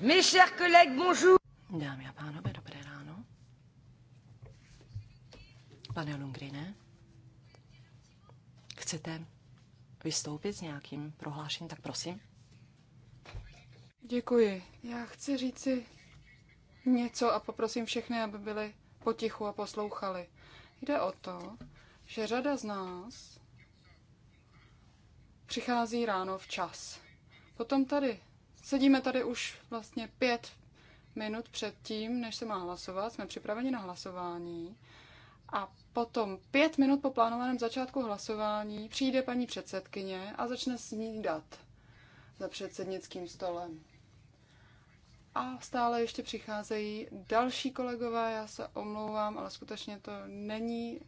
Mes chers collègues, bonjour. Dámy a pánové, dobré ráno. Pane Lungrine, chcete vystoupit s nějakým prohlášením, tak prosím. Děkuji. Já chci říci něco a poprosím všechny, aby byli potichu a poslouchali. Jde o to, že řada z nás přichází ráno včas. Potom tady Sedíme tady už vlastně pět minut před tím, než se má hlasovat. Jsme připraveni na hlasování. A potom pět minut po plánovaném začátku hlasování přijde paní předsedkyně a začne snídat za předsednickým stolem. A stále ještě přicházejí další kolegové, já se omlouvám, ale skutečně to není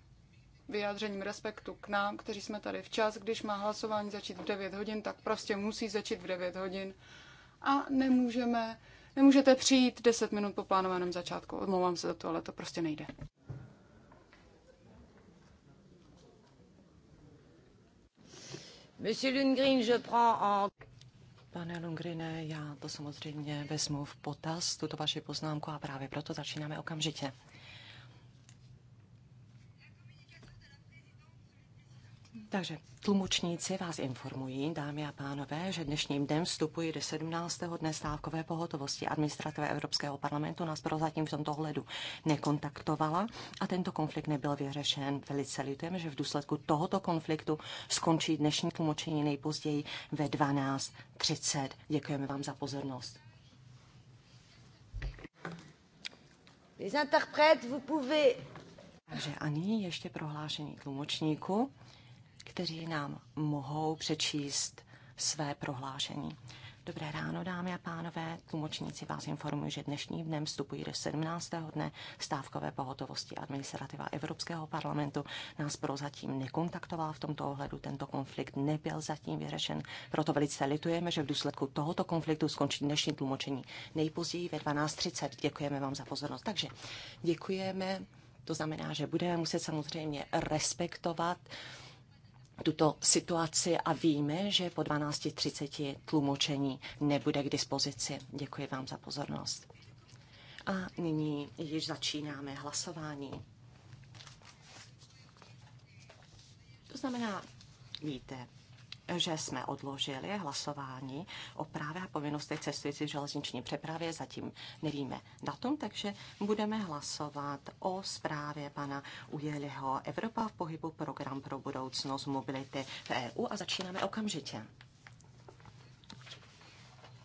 vyjádřením respektu k nám, kteří jsme tady včas. Když má hlasování začít v 9 hodin, tak prostě musí začít v 9 hodin a nemůžeme, nemůžete přijít 10 minut po plánovaném začátku. Odmlouvám se za to, ale to prostě nejde. Monsieur Lundgren, je prends en... Pane Lungrine, já to samozřejmě vezmu v potaz, tuto vaši poznámku a právě proto začínáme okamžitě. Takže tlumočníci vás informují, dámy a pánové, že dnešním dnem vstupují do 17. dne stávkové pohotovosti. Administrativa Evropského parlamentu nás prozatím v tomto ohledu nekontaktovala a tento konflikt nebyl vyřešen. Velice lidem, že v důsledku tohoto konfliktu skončí dnešní tlumočení nejpozději ve 12.30. Děkujeme vám za pozornost. Les interprètes, vous pouvez... Takže ani ještě prohlášení tlumočníku kteří nám mohou přečíst své prohlášení. Dobré ráno, dámy a pánové. Tlumočníci vás informují, že dnešním dnem vstupují do 17. dne stávkové pohotovosti. Administrativa Evropského parlamentu nás prozatím nekontaktovala v tomto ohledu. Tento konflikt nebyl zatím vyřešen. Proto velice litujeme, že v důsledku tohoto konfliktu skončí dnešní tlumočení nejpozději ve 12.30. Děkujeme vám za pozornost. Takže děkujeme. To znamená, že budeme muset samozřejmě respektovat uh, tuto situaci a víme, že po 12.30 tlumočení nebude k dispozici. Děkuji vám za pozornost. A nyní již začínáme hlasování. To znamená, víte, že jsme odložili hlasování o právě a povinnostech cestující v železniční přepravě. Zatím nevíme datum, takže budeme hlasovat o zprávě pana Ujeliho Evropa v pohybu program pro budoucnost mobility v EU a začínáme okamžitě.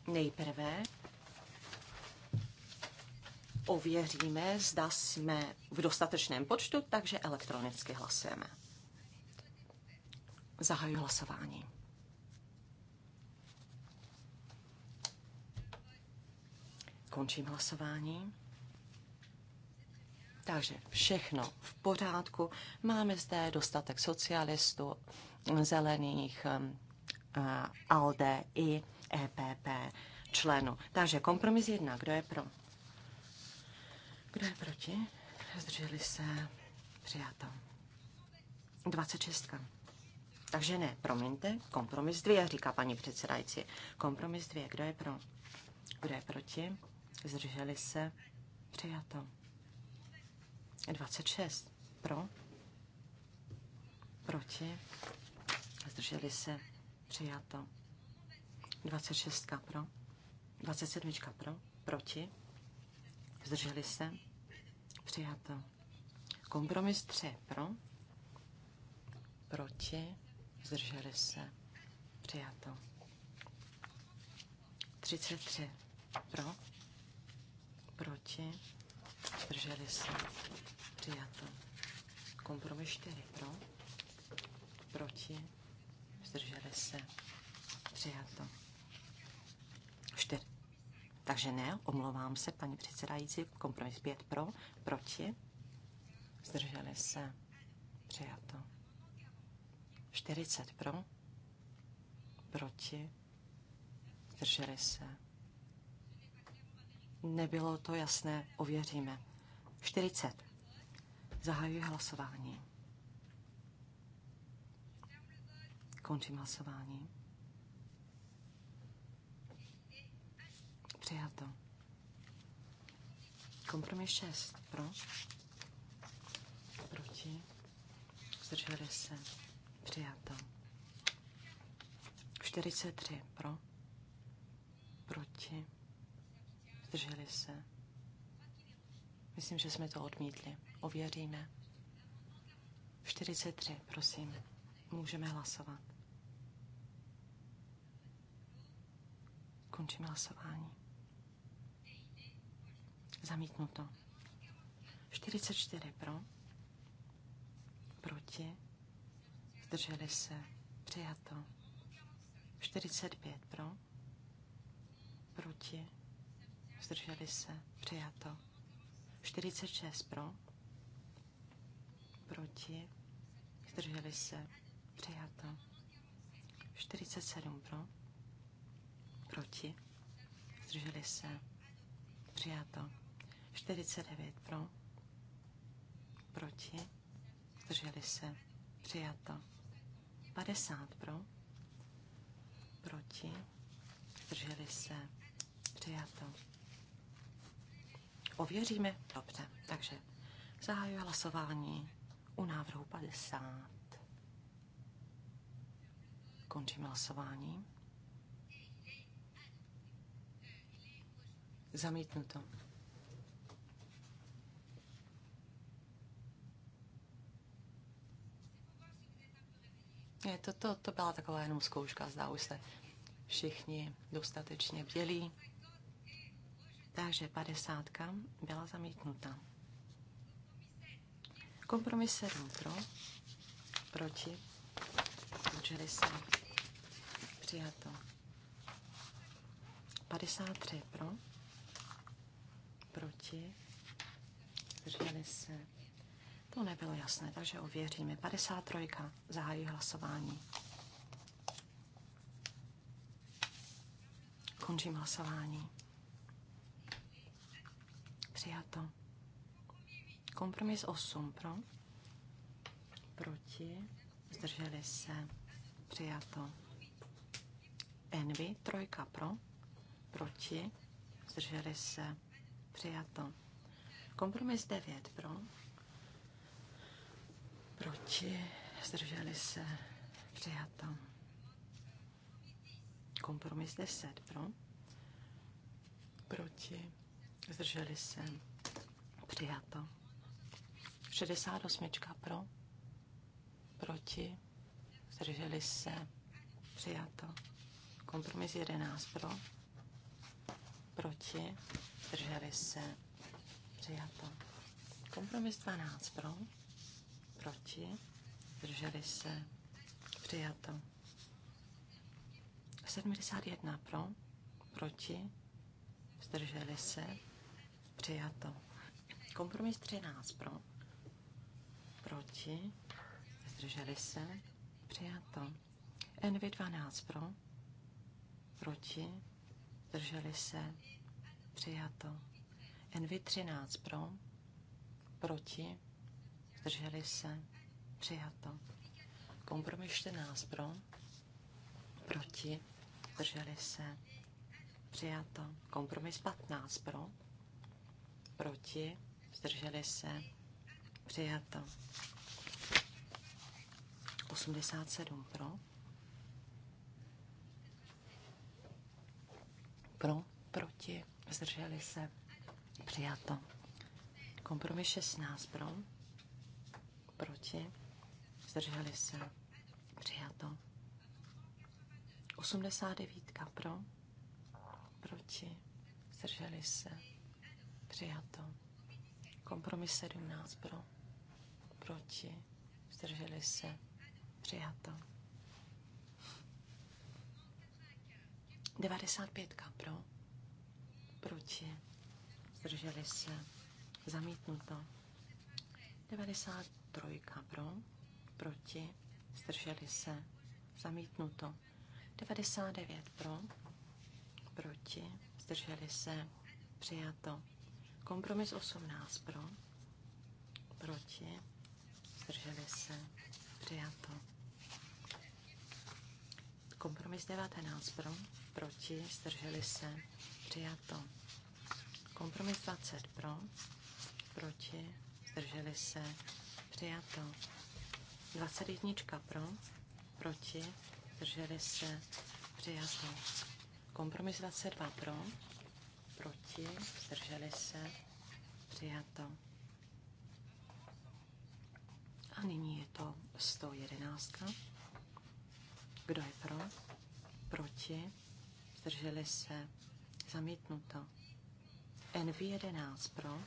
Nejprve ověříme, zda jsme v dostatečném počtu, takže elektronicky hlasujeme. Zahajuji hlasování. Končím hlasování. Takže všechno v pořádku. Máme zde dostatek socialistů, zelených, um, ALDE i EPP členů. Takže kompromis jedna. Kdo je pro? Kdo je proti? Zdrželi se. Přijato. 26. Takže ne, promiňte, kompromis dvě, říká paní předsedající. Kompromis dvě, kdo je pro? Kdo je proti? zdrželi se, přijato. 26 pro, proti, zdrželi se, přijato. 26 pro, 27 pro, proti, zdrželi se, přijato. Kompromis 3 pro, proti, zdrželi se, přijato. 33 pro, proti, zdrželi se, přijato. Kompromis 4 pro, proti, zdrželi se, přijato. 4. Takže ne, omlouvám se, paní předsedající, kompromis 5 pro, proti, zdrželi se, přijato. 40 pro, proti, zdrželi se, Nebylo to jasné, ověříme. 40. Zahajuji hlasování. Končím hlasování. Přijato. Kompromis 6. Pro. Proti. Zdrželi se. Přijato. 43. Pro. Proti Zdrželi se. Myslím, že jsme to odmítli. Ověříme. 43, prosím. Můžeme hlasovat. Končím hlasování. Zamítnuto. 44 pro. Proti. Zdrželi se. Přijato. 45 pro. Proti zdrželi se, přijato. 46 pro, proti, zdrželi se, přijato. 47 pro, proti, zdrželi se, přijato. 49 pro, proti, zdrželi se, přijato. 50 pro, proti, zdrželi se, Ověříme? Dobře, takže zahajuji hlasování u návrhu 50. Končím hlasování. Zamítnuto. Je, to, to, to byla taková jenom zkouška, zdá už se všichni dostatečně bělí. Takže padesátka byla zamítnuta. Kompromis 7 pro, proti, zdrželi se, přijato. 53 pro, proti, zdrželi se. To nebylo jasné, takže ověříme. 53. Zahájí hlasování. Končím hlasování. Přijato. Kompromis 8 pro. Proti. Zdrželi se. Přijato. Envy. Trojka pro. Proti. Zdrželi se. Přijato. Kompromis 9 pro. Proti. Zdrželi se. Přijato. Kompromis 10 pro. Proti Zdrželi se. Přijato. 68 pro. Proti. Zdrželi se. Přijato. Kompromis 11 pro. Proti. Zdrželi se. Přijato. Kompromis 12 pro. Proti. Zdrželi se. Přijato. 71 pro. Proti. Zdrželi se Přijato. Kompromis 13 pro. Proti. Zdrželi se. Přijato. NV12 pro. Proti. Zdrželi se. Přijato. NV13 pro. Proti. Zdrželi se. Přijato. Kompromis 14 pro. Proti. Zdrželi se. Přijato. Kompromis 15 pro proti, zdrželi se, přijato. 87 pro, pro, proti, zdrželi se, přijato. Kompromis 16 pro, proti, zdrželi se, přijato. 89 pro, proti, zdrželi se, Přijato. Kompromis 17 pro. Proti. Zdrželi se. Přijato. 95 pro. Proti. Zdrželi se. Zamítnuto. 93 pro. Proti. Zdrželi se. Zamítnuto. 99 pro. Proti. Zdrželi se. Přijato. Kompromis 18 pro, proti, zdrželi se, přijato. Kompromis 19 pro, proti, zdrželi se, přijato. Kompromis 20 pro, proti, zdrželi se, přijato. 21 pro, proti, zdrželi se, přijato. Kompromis 22 pro, proti, zdrželi se, přijato. A nyní je to 111. Kdo je pro? Proti, zdrželi se, zamítnuto. NV11 pro,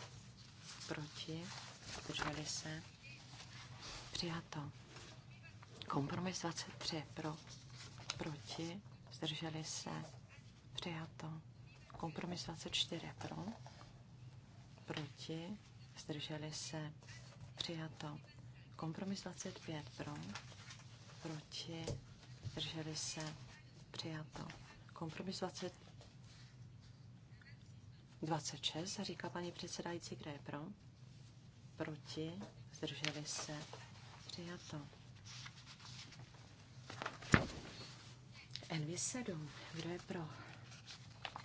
proti, zdrželi se, přijato. Kompromis 23 pro, proti, zdrželi se, přijato. Kompromis 24 pro, proti, zdrželi se, přijato. Kompromis 25 pro, proti, zdrželi se, přijato. Kompromis 20, 26, říká paní předsedající, kde je pro, proti, zdrželi se, přijato. NV7, kdo je pro?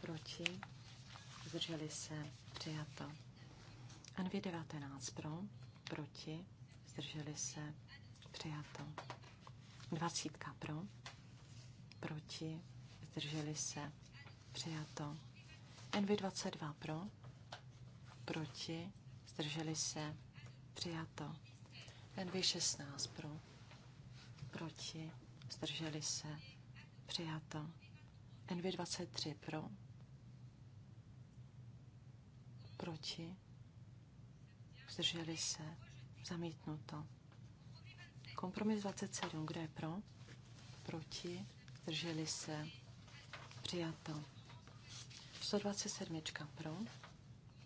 proti, zdrželi se, přijato. Envy 19 pro, proti, zdrželi se, přijato. 20 pro, proti, zdrželi se, přijato. nv 22 pro, proti, zdrželi se, přijato. nv 16 pro, proti, zdrželi se, přijato. NV23 pro, Proti? Zdrželi se. Zamítnuto. Kompromis 27. Kdo je pro? Proti? Zdrželi se. Přijato. 127. Pro?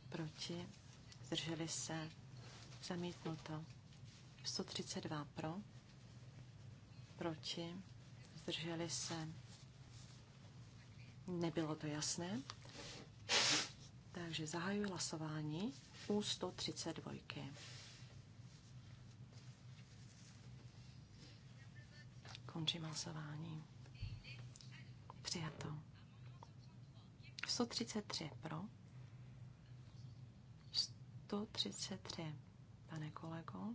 Proti? Zdrželi se. Zamítnuto. 132 pro. Proti? Zdrželi se. Nebylo to jasné. Takže zahajuji hlasování u 132. Končím hlasování. Přijato. 133 pro. 133, pane kolego.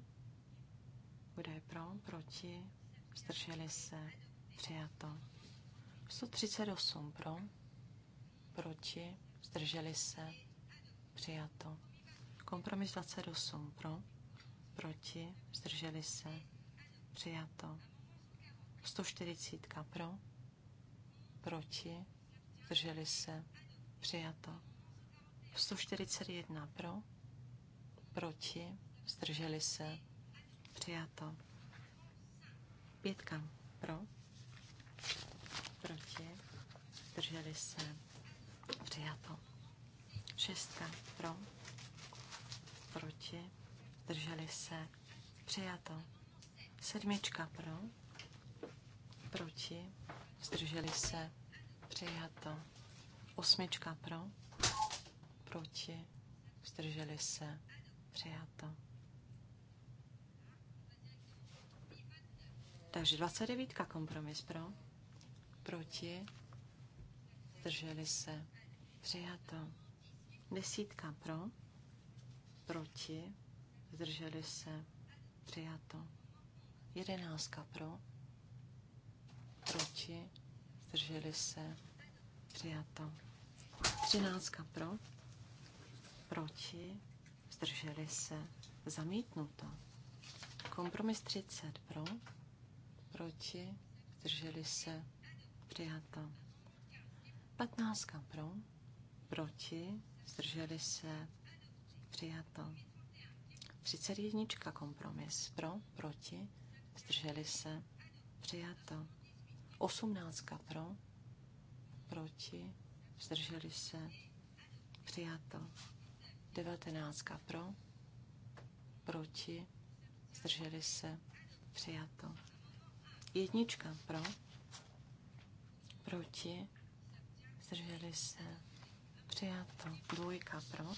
Kdo je pro? Proti? Zdrželi se? Přijato. 138 pro. Proti? zdrželi se, přijato. Kompromis 28 pro, proti, zdrželi se, přijato. 140 pro, proti, zdrželi se, přijato. 141 pro, proti, zdrželi se, přijato. Pětka pro, proti, zdrželi se, Přijato. Šestka pro. Proti. Drželi se. Přijato. Sedmička pro. Proti. Zdrželi se. Přijato. Osmička pro. Proti. Zdrželi se. Přijato. Takže 29 kompromis pro. Proti. Zdrželi se Přijato. Desítka pro, proti, zdrželi se, přijato. Jedenáctka pro, proti, zdrželi se, přijato. Třináctka pro, proti, zdrželi se, zamítnuto. Kompromis 30 pro, proti, zdrželi se, přijato. Patnáctka pro, proti, zdrželi se, přijato. 31. kompromis pro, proti, zdrželi se, přijato. 18. pro, proti, zdrželi se, přijato. 19. pro, proti, zdrželi se, přijato. Jednička pro, proti, zdrželi se, Přijato. Dvojka pro.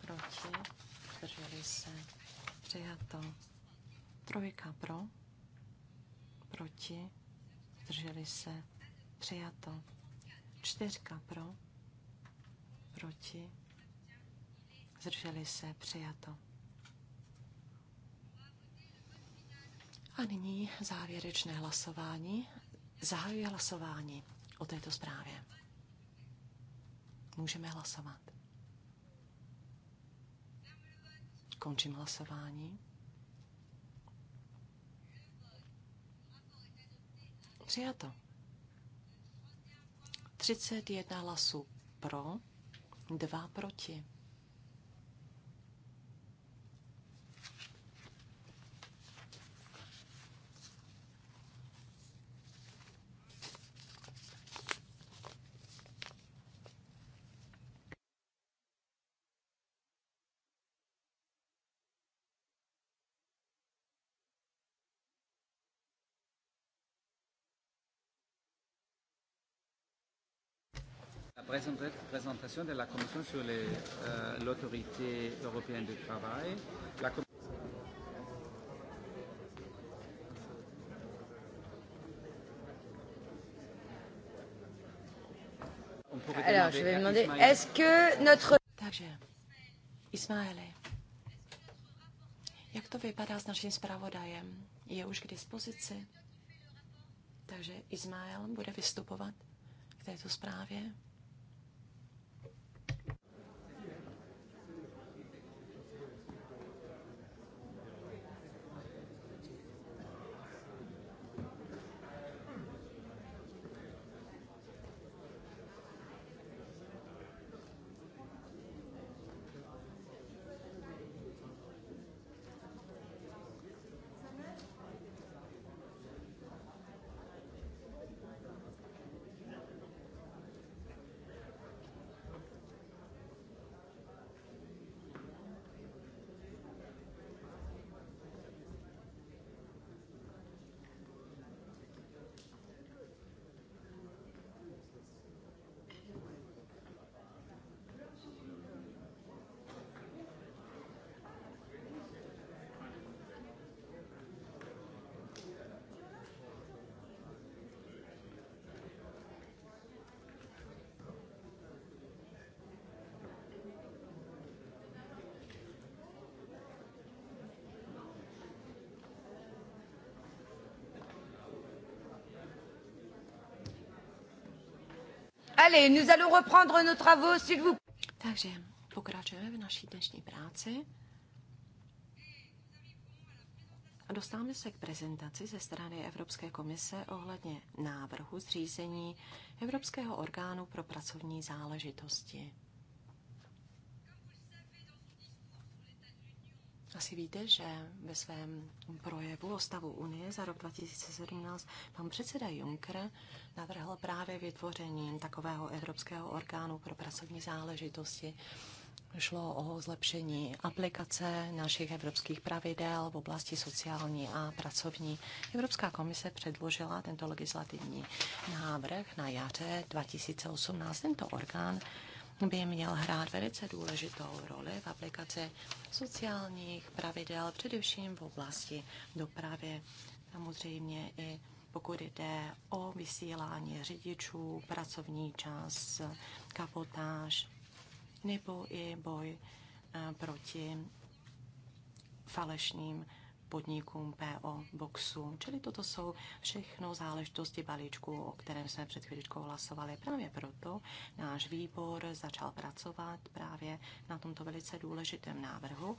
Proti. Zdrželi se. Přijato. Trojka pro. Proti. Zdrželi se. Přijato. Čtyřka pro. Proti. Zdrželi se. Přijato. A nyní závěrečné hlasování. Zahajuji hlasování o této zprávě. Můžeme hlasovat. Končím hlasování. Přijato. 31 hlasů pro, 2 proti. présentation de la Commission sur euh, l'autorité euh, européenne du travail. La Alors, je vais demander, est-ce que notre... Takže, Ismaele, jak to vypadá s naším zpravodajem? Je už k dispozici? Takže Ismael bude vystupovat k této zprávě. Allez, nous allons reprendre nos travaux, s'il vous plaît. Takže pokračujeme v naší dnešní práci. A dostáváme se k prezentaci ze strany Evropské komise ohledně návrhu zřízení Evropského orgánu pro pracovní záležitosti. Asi víte, že ve svém projevu o stavu Unie za rok 2017 pan předseda Juncker navrhl právě vytvoření takového evropského orgánu pro pracovní záležitosti. Šlo o zlepšení aplikace našich evropských pravidel v oblasti sociální a pracovní. Evropská komise předložila tento legislativní návrh na jaře 2018. Tento orgán by měl hrát velice důležitou roli v aplikaci sociálních pravidel, především v oblasti dopravy. Samozřejmě i pokud jde o vysílání řidičů, pracovní čas, kapotáž nebo i boj eh, proti falešným podnikům PO Boxu. Čili toto jsou všechno záležitosti balíčku, o kterém jsme před chvíličkou hlasovali. Právě proto náš výbor začal pracovat právě na tomto velice důležitém návrhu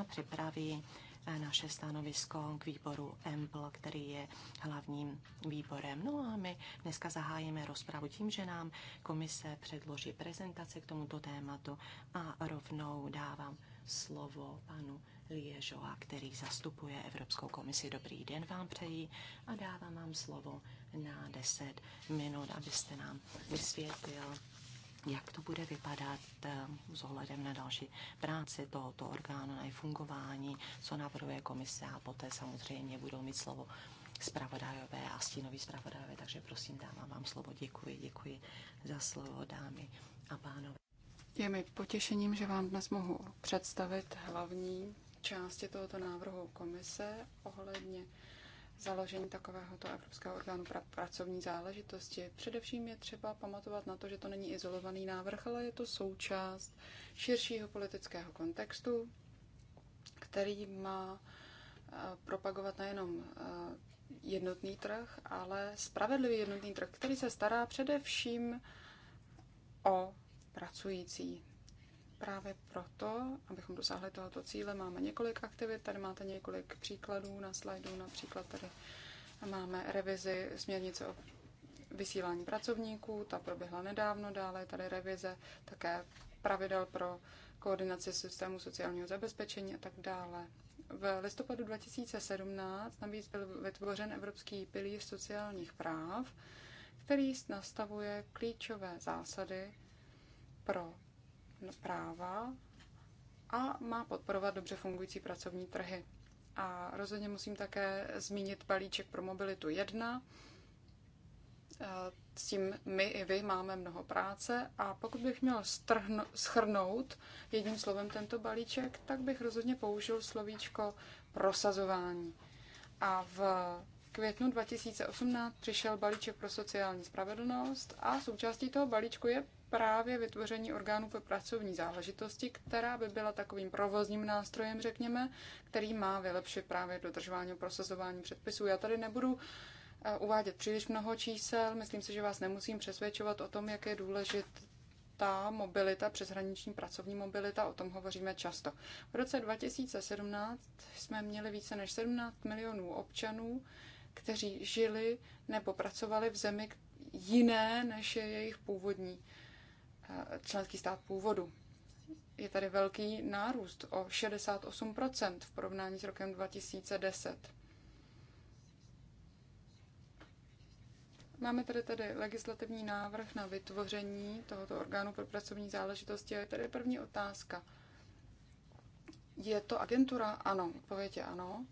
a připraví eh, naše stanovisko k výboru EMPL, který je hlavním výborem. No a my dneska zahájíme rozpravu tím, že nám komise předloží prezentaci k tomuto tématu a rovnou dávám slovo panu Liežoa, který zastupuje Evropskou komisi. Dobrý den vám přeji a dávám vám slovo na 10 minut, abyste nám vysvětlil, jak to bude vypadat eh, s ohledem na další práci tohoto orgánu, na fungování, co navrhuje komise a poté samozřejmě budou mít slovo zpravodajové a stínoví zpravodajové, takže prosím, dávám vám slovo. Děkuji, děkuji za slovo, dámy a pánové. Je mi potěšením, že vám dnes mohu představit hlavní části tohoto návrhu komise ohledně založení takovéhoto Evropského orgánu pro pracovní záležitosti. Především je třeba pamatovat na to, že to není izolovaný návrh, ale je to součást širšího politického kontextu, který má eh, propagovat nejenom eh, jednotný trh, ale spravedlivý jednotný trh, který se stará především o pracující právě proto, abychom dosáhli tohoto cíle, máme několik aktivit. Tady máte několik příkladů na slajdu. Například tady máme revizi směrnice o vysílání pracovníků, ta proběhla nedávno, dále tady revize také pravidel pro koordinaci systému sociálního zabezpečení a tak dále. V listopadu 2017 navíc byl vytvořen Evropský pilíř sociálních práv, který nastavuje klíčové zásady pro práva a má podporovat dobře fungující pracovní trhy. A rozhodně musím také zmínit balíček pro mobilitu 1. Eh, s tím my i vy máme mnoho práce a pokud bych měl schrnout jedním slovem tento balíček, tak bych rozhodně použil slovíčko prosazování. A v květnu 2018 přišel balíček pro sociální spravedlnost a součástí toho balíčku je právě vytvoření orgánů pro pracovní záležitosti, která by byla takovým provozním nástrojem, řekněme, který má vylepšit právě dodržování a prosazování předpisů. Já tady nebudu eh, uvádět příliš mnoho čísel, myslím si, že vás nemusím přesvědčovat o tom, jak je důležité ta mobilita, přeshraniční pracovní mobilita, o tom hovoříme často. V roce 2017 jsme měli více než 17 milionů občanů, kteří žili nebo pracovali v zemi jiné než je jejich původní členský stát původu. Je tady velký nárůst o 68% v porovnání s rokem 2010. Máme tady tedy legislativní návrh na vytvoření tohoto orgánu pro pracovní záležitosti. Je tady první otázka. Je to agentura? Ano. Odpověď je ano.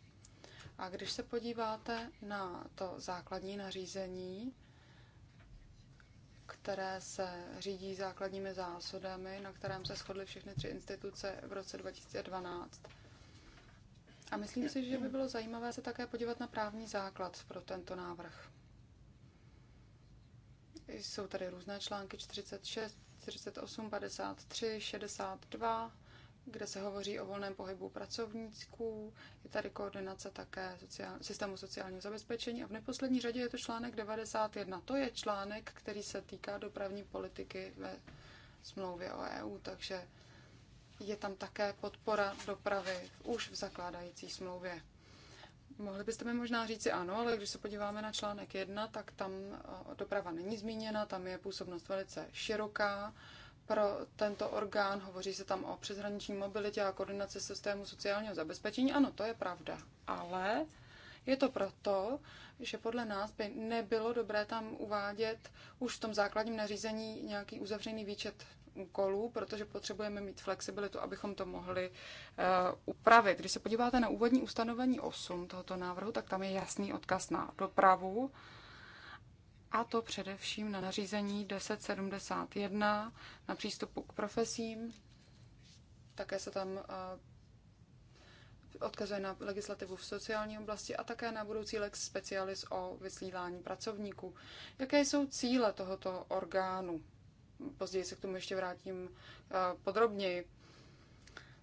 A když se podíváte na to základní nařízení, které se řídí základními zásadami, na kterém se shodly všechny tři instituce v roce 2012. A myslím si, že by bylo zajímavé se také podívat na právní základ pro tento návrh. Jsou tady různé články 46, 48, 53, 62, kde se hovoří o volném pohybu pracovníků, je tady koordinace také sociál, systému sociálního zabezpečení a v neposlední řadě je to článek 91. To je článek, který se týká dopravní politiky ve smlouvě o EU, takže je tam také podpora dopravy už v zakládající smlouvě. Mohli byste mi možná říci ano, ale když se podíváme na článek 1, tak tam eh, doprava není zmíněna, tam je působnost velice široká pro tento orgán. Hovoří se tam o přeshraniční mobilitě a koordinaci systému sociálního zabezpečení. Ano, to je pravda, ale je to proto, že podle nás by nebylo dobré tam uvádět už v tom základním nařízení nějaký uzavřený výčet úkolů, protože potřebujeme mít flexibilitu, abychom to mohli uh, upravit. Když se podíváte na úvodní ustanovení 8 tohoto návrhu, tak tam je jasný odkaz na dopravu, a to především na nařízení 1071 na přístupu k profesím. Také se tam eh, odkazuje na legislativu v sociální oblasti a také na budoucí lex specialis o vysílání pracovníků. Jaké jsou cíle tohoto orgánu? Později se k tomu ještě vrátím eh, podrobněji.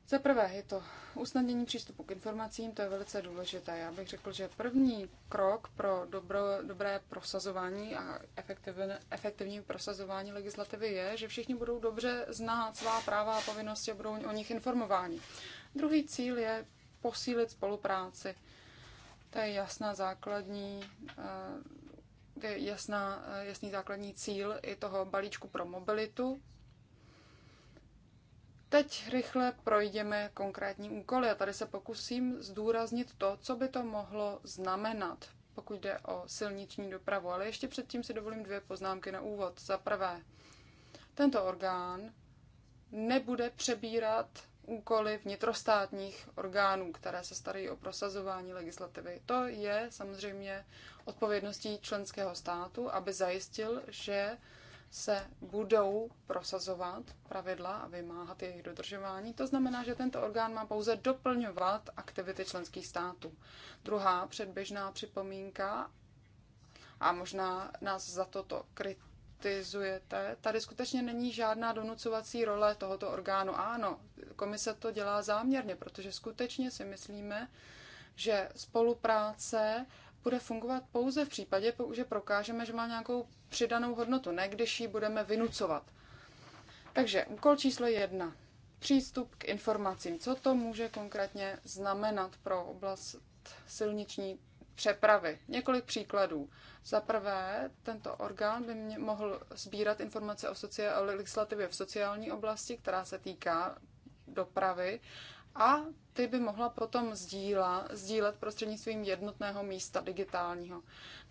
Za prvé je to usnadnění přístupu k informacím, to je velice důležité. Já bych řekl, že první krok pro dobro, dobré prosazování a efektivní, efektivní prosazování legislativy je, že všichni budou dobře znát svá práva a povinnosti a budou o nich informováni. Druhý cíl je posílit spolupráci. To je jasná základní eh, je jasná, eh, jasný základní cíl i toho balíčku pro mobilitu, Teď rychle projdeme konkrétní úkoly a tady se pokusím zdůraznit to, co by to mohlo znamenat, pokud jde o silniční dopravu. Ale ještě předtím si dovolím dvě poznámky na úvod. Za prvé, tento orgán nebude přebírat úkoly vnitrostátních orgánů, které se starají o prosazování legislativy. To je samozřejmě odpovědností členského státu, aby zajistil, že se budou prosazovat pravidla a vymáhat jejich dodržování. To znamená, že tento orgán má pouze doplňovat aktivity členských států. Druhá předběžná připomínka, a možná nás za toto kritizujete, tady skutečně není žádná donucovací role tohoto orgánu. Ano, komise to dělá záměrně, protože skutečně si myslíme, že spolupráce bude fungovat pouze v případě, že prokážeme, že má nějakou přidanou hodnotu, ne když ji budeme vynucovat. Takže úkol číslo jedna. Přístup k informacím. Co to může konkrétně znamenat pro oblast silniční přepravy. Několik příkladů. Za prvé, tento orgán by mě mohl sbírat informace o, sociál, o legislativě v sociální oblasti, která se týká dopravy a ty by mohla potom sdíla, sdílet prostřednictvím jednotného místa digitálního.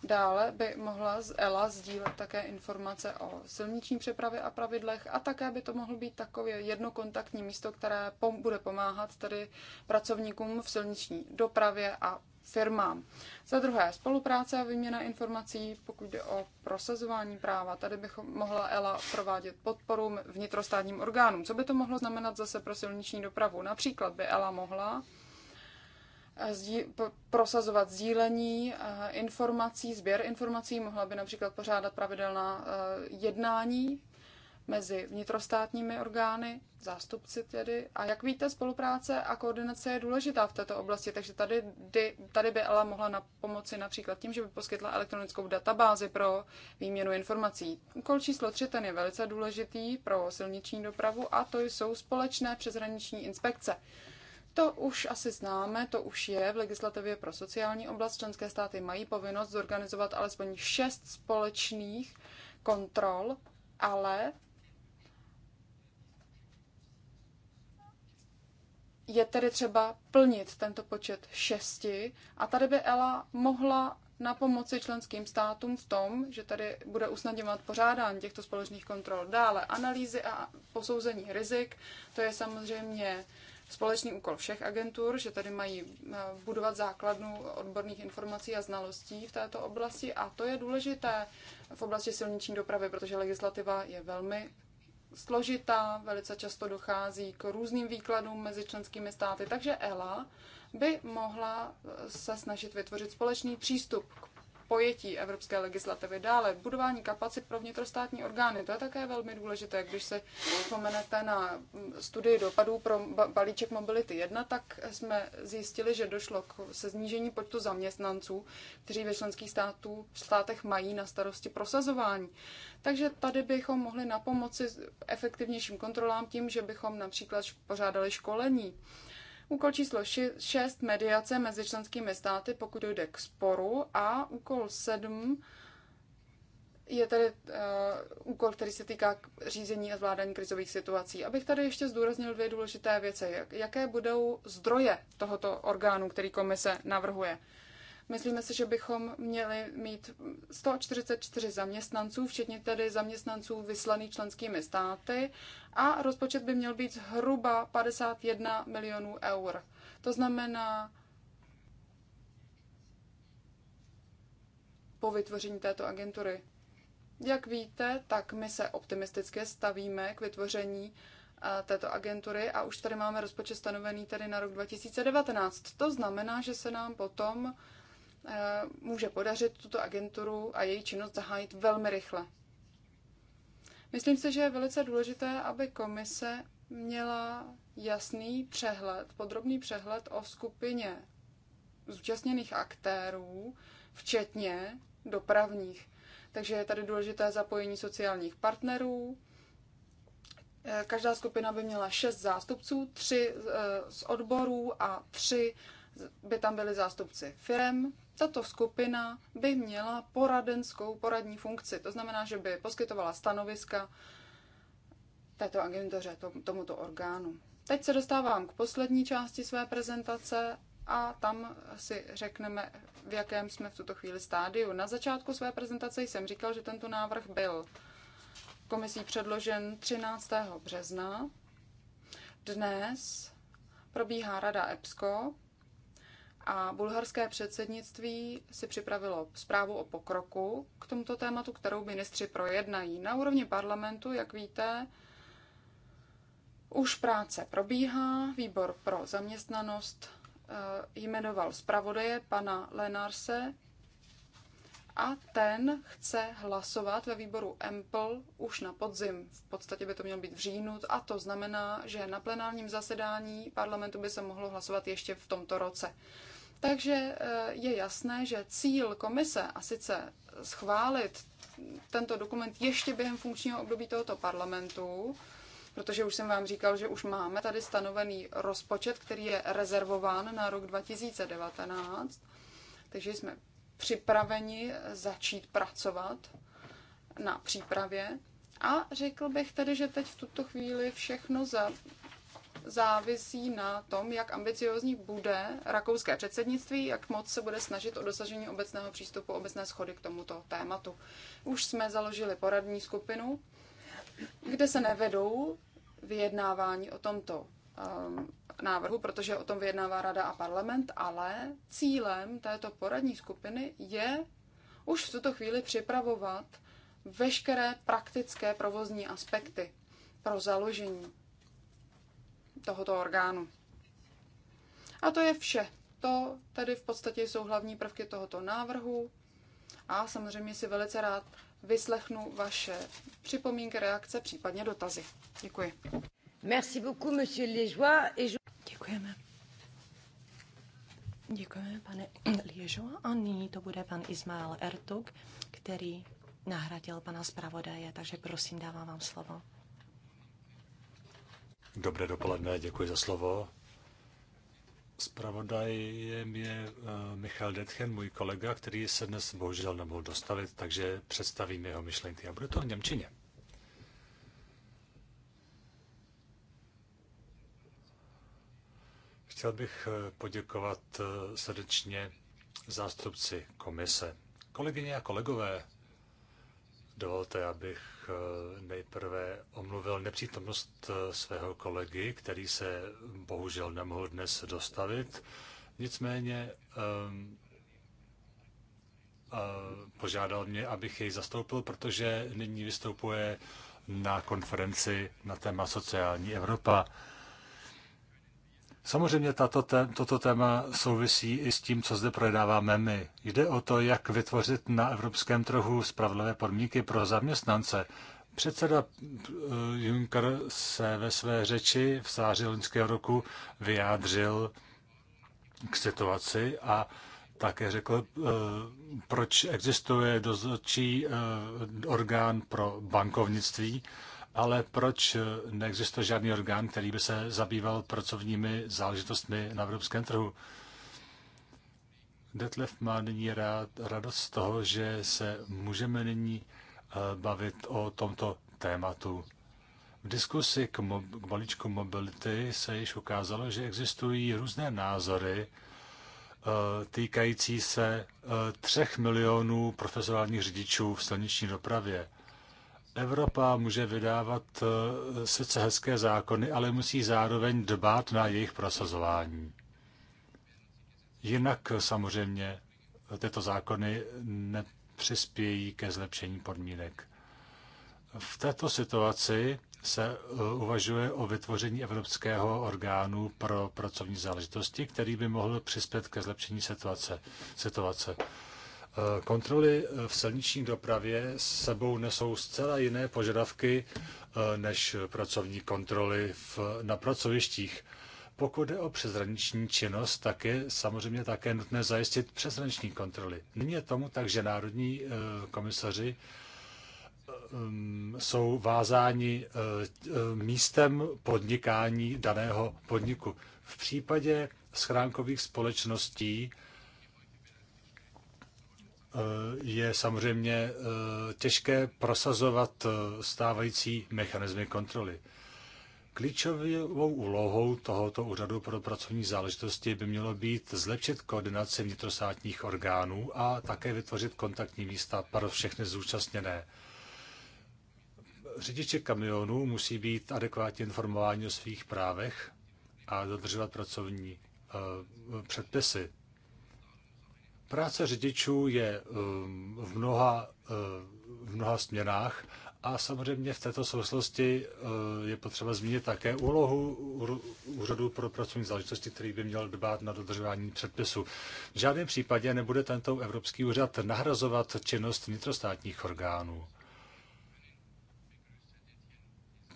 Dále by mohla z ELA sdílet také informace o silniční přepravě a pravidlech a také by to mohlo být takové jednokontaktní místo, které pom- bude pomáhat tedy pracovníkům v silniční dopravě a firmám. Za druhé, spolupráce a výměna informací, pokud jde o prosazování práva. Tady bych mohla ELA provádět podporu vnitrostátním orgánům. Co by to mohlo znamenat zase pro silniční dopravu? Například by ELA mohla eh, prosazovat sdílení eh, informací, sběr informací, mohla by například pořádat pravidelná eh, jednání mezi vnitrostátními orgány, zástupci tedy. A jak víte, spolupráce a koordinace je důležitá v této oblasti, takže tady, tady by ELA mohla na pomoci například tím, že by poskytla elektronickou databázi pro výměnu informací. Úkol číslo 3 ten je velice důležitý pro silniční dopravu a to jsou společné přeshraniční inspekce. To už asi známe, to už je v legislativě pro sociální oblast. Členské státy mají povinnost zorganizovat alespoň šest společných kontrol, ale je tedy třeba plnit tento počet šesti a tady by ELA mohla na pomoci členským státům v tom, že tady bude usnadňovat pořádání těchto společných kontrol. Dále analýzy a posouzení rizik, to je samozřejmě společný úkol všech agentur, že tady mají eh, budovat základnu odborných informací a znalostí v této oblasti a to je důležité v oblasti silniční dopravy, protože legislativa je velmi složitá, velice často dochází k různým výkladům mezi členskými státy, takže ELA by mohla eh, se snažit vytvořit společný přístup k pojetí evropské legislativy. Dále budování kapacit pro vnitrostátní orgány. To je také velmi důležité. Když se vzpomenete na mm, studii dopadů pro balíček Mobility 1, tak jsme zjistili, že došlo k se snížení počtu zaměstnanců, kteří ve členských států, v státech mají na starosti prosazování. Takže tady bychom mohli napomoci efektivnějším kontrolám tím, že bychom například pořádali školení Úkol číslo 6 mediace mezi členskými státy, pokud jde k sporu, a úkol 7 je tady uh, eh, úkol, který se týká řízení a zvládání krizových situací. Abych tady ještě zdůraznil dvě důležité věci. jaké budou zdroje tohoto orgánu, který komise navrhuje? Myslíme si, že bychom měli mít 144 zaměstnanců, včetně tedy zaměstnanců vyslaných členskými státy a rozpočet by měl být zhruba 51 milionů eur. To znamená, po vytvoření této agentury. Jak víte, tak my se optimisticky stavíme k vytvoření této agentury a už tady máme rozpočet stanovený tedy na rok 2019. To znamená, že se nám potom Eh, může podařit tuto agenturu a její činnost zahájit velmi rychle. Myslím si, že je velice důležité, aby komise měla jasný přehled, podrobný přehled o skupině zúčastněných aktérů, včetně dopravních. Takže je tady důležité zapojení sociálních partnerů. Eh, každá skupina by měla šest zástupců, tři eh, z odborů a tři by tam byli zástupci firm. Tato skupina by měla poradenskou poradní funkci, to znamená, že by poskytovala stanoviska této agentuře, tomuto orgánu. Teď se dostávám k poslední části své prezentace a tam si řekneme, v jakém jsme v tuto chvíli stádiu. Na začátku své prezentace jsem říkal, že tento návrh byl komisí předložen 13. března. Dnes probíhá Rada EPSCO, a bulharské předsednictví si připravilo zprávu o pokroku k tomuto tématu, kterou ministři projednají. Na úrovni parlamentu, jak víte, už práce probíhá. Výbor pro zaměstnanost eh, jmenoval zpravodaje pana Lenarse a ten chce hlasovat ve výboru EMPL už na podzim. V podstatě by to mělo být v říjnu a to znamená, že na plenárním zasedání parlamentu by se mohlo hlasovat ještě v tomto roce. Takže eh, je jasné, že cíl komise, a sice schválit tento dokument ještě během funkčního období tohoto parlamentu, protože už jsem vám říkal, že už máme tady stanovený rozpočet, který je rezervován na rok 2019, takže jsme připraveni začít pracovat na přípravě. A řekl bych tedy, že teď v tuto chvíli všechno za závisí na tom, jak ambiciozní bude rakouské předsednictví, jak moc se bude snažit o dosažení obecného přístupu, obecné schody k tomuto tématu. Už jsme založili poradní skupinu, kde se nevedou vyjednávání o tomto um, návrhu, protože o tom vyjednává Rada a parlament, ale cílem této poradní skupiny je už v tuto chvíli připravovat veškeré praktické provozní aspekty pro založení tohoto orgánu. A to je vše. To tedy v podstatě jsou hlavní prvky tohoto návrhu. A samozřejmě si velice rád vyslechnu vaše připomínky, reakce, případně dotazy. Děkuji. Merci beaucoup, monsieur Léjois. Et je... Děkujeme. Děkujeme, pane Liežo. A nyní to bude pan Ismail Ertug, který nahradil pana zpravodaje, takže prosím, dávám vám slovo. Dobré dopoledne, děkuji za slovo. Spravodajem je eh, Michal Detchen, můj kolega, který se dnes bohužel nemohl dostavit, takže představím jeho myšlenky a bude to v Němčině. Chtěl bych eh, poděkovat eh, srdečně zástupci komise. Kolegyně a kolegové, Dovolte, abych eh, nejprve omluvil nepřítomnost eh, svého kolegy, který se bohužel nemohl dnes dostavit. Nicméně um, požádal mě, abych jej zastoupil, protože nyní vystupuje na konferenci na téma sociální Evropa. Samozřejmě tato tém, toto téma souvisí i s tím, co zde projednáváme my. Jde o to, jak vytvořit na evropském trhu spravedlivé podmínky pro zaměstnance. Předseda eh, Juncker se ve své řeči v září loňského roku vyjádřil k situaci a také řekl, eh, proč existuje dozorčí eh, orgán pro bankovnictví ale proč neexistuje žádný orgán, který by se zabýval pracovními záležitostmi na evropském trhu? Detlef má nyní rád, radost z toho, že se můžeme nyní eh, bavit o tomto tématu. V diskusi k, mo- k balíčku mobility se již ukázalo, že existují různé názory eh, týkající se eh, třech milionů profesionálních řidičů v silniční dopravě. Evropa může vydávat eh, sice hezké zákony, ale musí zároveň dbát na jejich prosazování. Jinak eh, samozřejmě tyto zákony nepřispějí ke zlepšení podmínek. V této situaci se eh, uvažuje o vytvoření Evropského orgánu pro pracovní záležitosti, který by mohl přispět ke zlepšení situace. situace. Eh, kontroly eh, v silniční dopravě sebou nesou zcela jiné požadavky eh, než pracovní kontroly v, na pracovištích. Pokud jde o přeshraniční činnost, tak je samozřejmě také nutné zajistit přeshraniční kontroly. Nyní je tomu tak, že národní komisaři jsou vázáni místem podnikání daného podniku. V případě schránkových společností je samozřejmě eh, těžké prosazovat eh, stávající mechanismy kontroly. Klíčovou úlohou tohoto úřadu pro pracovní záležitosti by mělo být zlepšit koordinaci vnitrostátních orgánů a také vytvořit kontaktní místa pro všechny zúčastněné. Řidiči kamionů musí být adekvátně informováni o svých právech a dodržovat pracovní eh, předpisy. Práce řidičů je um, v mnoha, uh, v mnoha směrách a samozřejmě v této souvislosti uh, je potřeba zmínit také úlohu Úřadu pro pracovní záležitosti, který by měl dbát na dodržování předpisu. V žádném případě nebude tento Evropský úřad nahrazovat činnost vnitrostátních orgánů.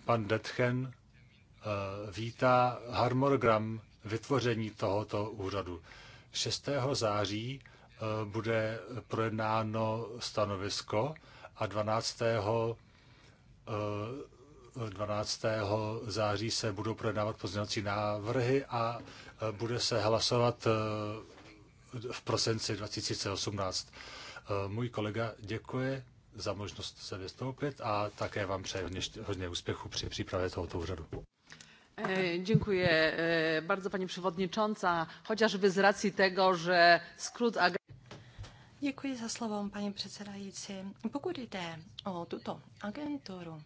Pan Detchen uh, vítá harmonogram vytvoření tohoto úřadu. 6. září Eh, bude projednáno stanovisko a 12. 12. Eh, září se budou projednávat pozměňovací návrhy a eh, bude se hlasovat v prosinci 2018. Můj kolega děkuje za možnost se vystoupit a také vám přeji hodně, hodně úspěchu při přípravě tohoto úřadu. E, dziękuję e, bardzo Pani Przewodnicząca, chociażby z racji tego, że skrót Děkuji za slovo, paní předsedající. Pokud jde o tuto agenturu,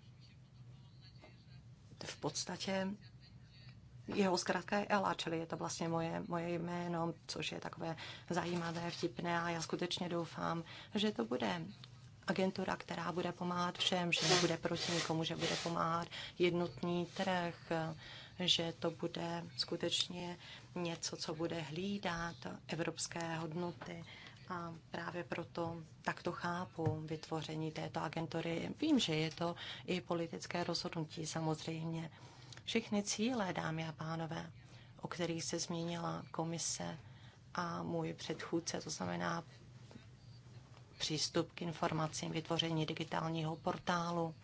v podstatě jeho zkrátka je Ela, čili je to vlastně moje, moje jméno, což je takové zajímavé, vtipné a já skutečně doufám, že to bude agentura, která bude pomáhat všem, že nebude proti nikomu, že bude pomáhat jednotný trh, že to bude skutečně něco, co bude hlídat evropské hodnoty a právě proto tak to chápu vytvoření této agentury. Vím, že je to i politické rozhodnutí samozřejmě. Všechny cíle, dámy a pánové, o kterých se zmínila komise a můj předchůdce, to znamená přístup k informacím, vytvoření digitálního portálu,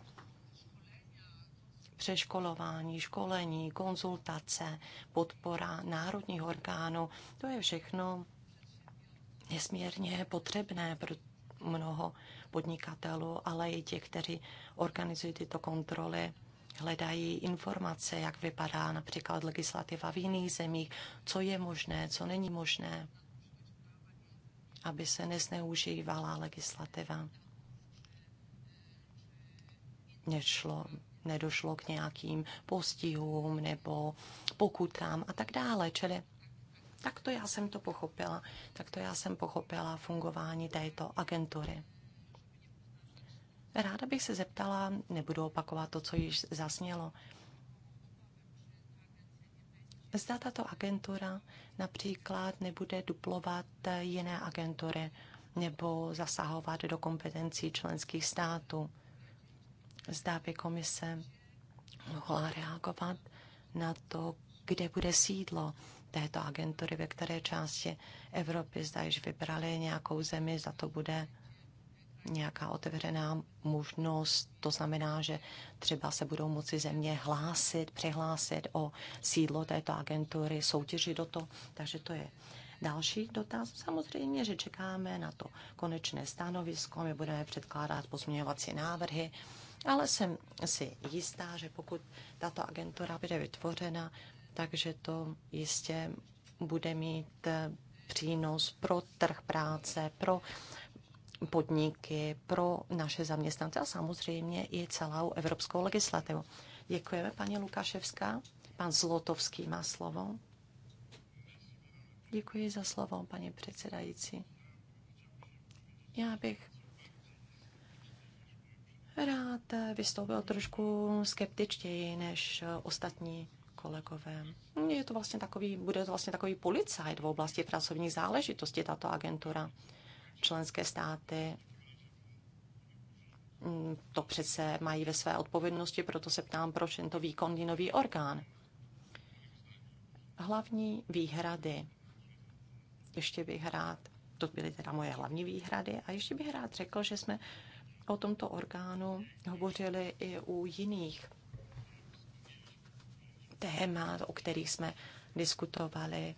přeškolování, školení, konzultace, podpora národních orgánů. To je všechno nesmírně potřebné pro mnoho podnikatelů, ale i těch, kteří organizují tyto kontroly, hledají informace, jak vypadá například legislativa v jiných zemích, co je možné, co není možné, aby se nezneužívala legislativa. Nešlo nedošlo k nějakým postihům nebo pokutám a tak dále. Čili tak to já jsem to pochopila. Tak to já jsem pochopila fungování této agentury. Ráda bych se zeptala, nebudu opakovat to, co již zasnělo. Zda tato agentura například nebude duplovat jiné agentury nebo zasahovat do kompetencí členských států. Zda by komise mohla reagovat na to, kde bude sídlo této agentury, ve které části Evropy, zda již vybrali nějakou zemi, za to bude nějaká otevřená možnost. To znamená, že třeba se budou moci země hlásit, přihlásit o sídlo této agentury, soutěžit do to. Takže to je další dotaz. Samozřejmě, že čekáme na to konečné stanovisko, my budeme předkládat pozměňovací návrhy, ale jsem si jistá, že pokud tato agentura bude vytvořena, takže to jistě bude mít eh, přínos pro trh práce, pro podniky, pro naše zaměstnance a samozřejmě i celou evropskou legislativu. Děkujeme, paní Lukaševská. Pan Zlotovský má slovo. Děkuji za slovo, paní předsedající. Já bych rád vystoupil trošku skeptičtěji než ostatní kolegové. Je to vlastně takový, bude to vlastně takový policajt v oblasti pracovních záležitostí, tato agentura. Členské státy mm, to přece mají ve své odpovědnosti, proto se ptám, proč tento výkonný nový orgán. Hlavní výhrady. Ještě bych rád, to byly teda moje hlavní výhrady, a ještě bych rád řekl, že jsme o tomto orgánu hovořili i u jiných témat, o kterých jsme diskutovali.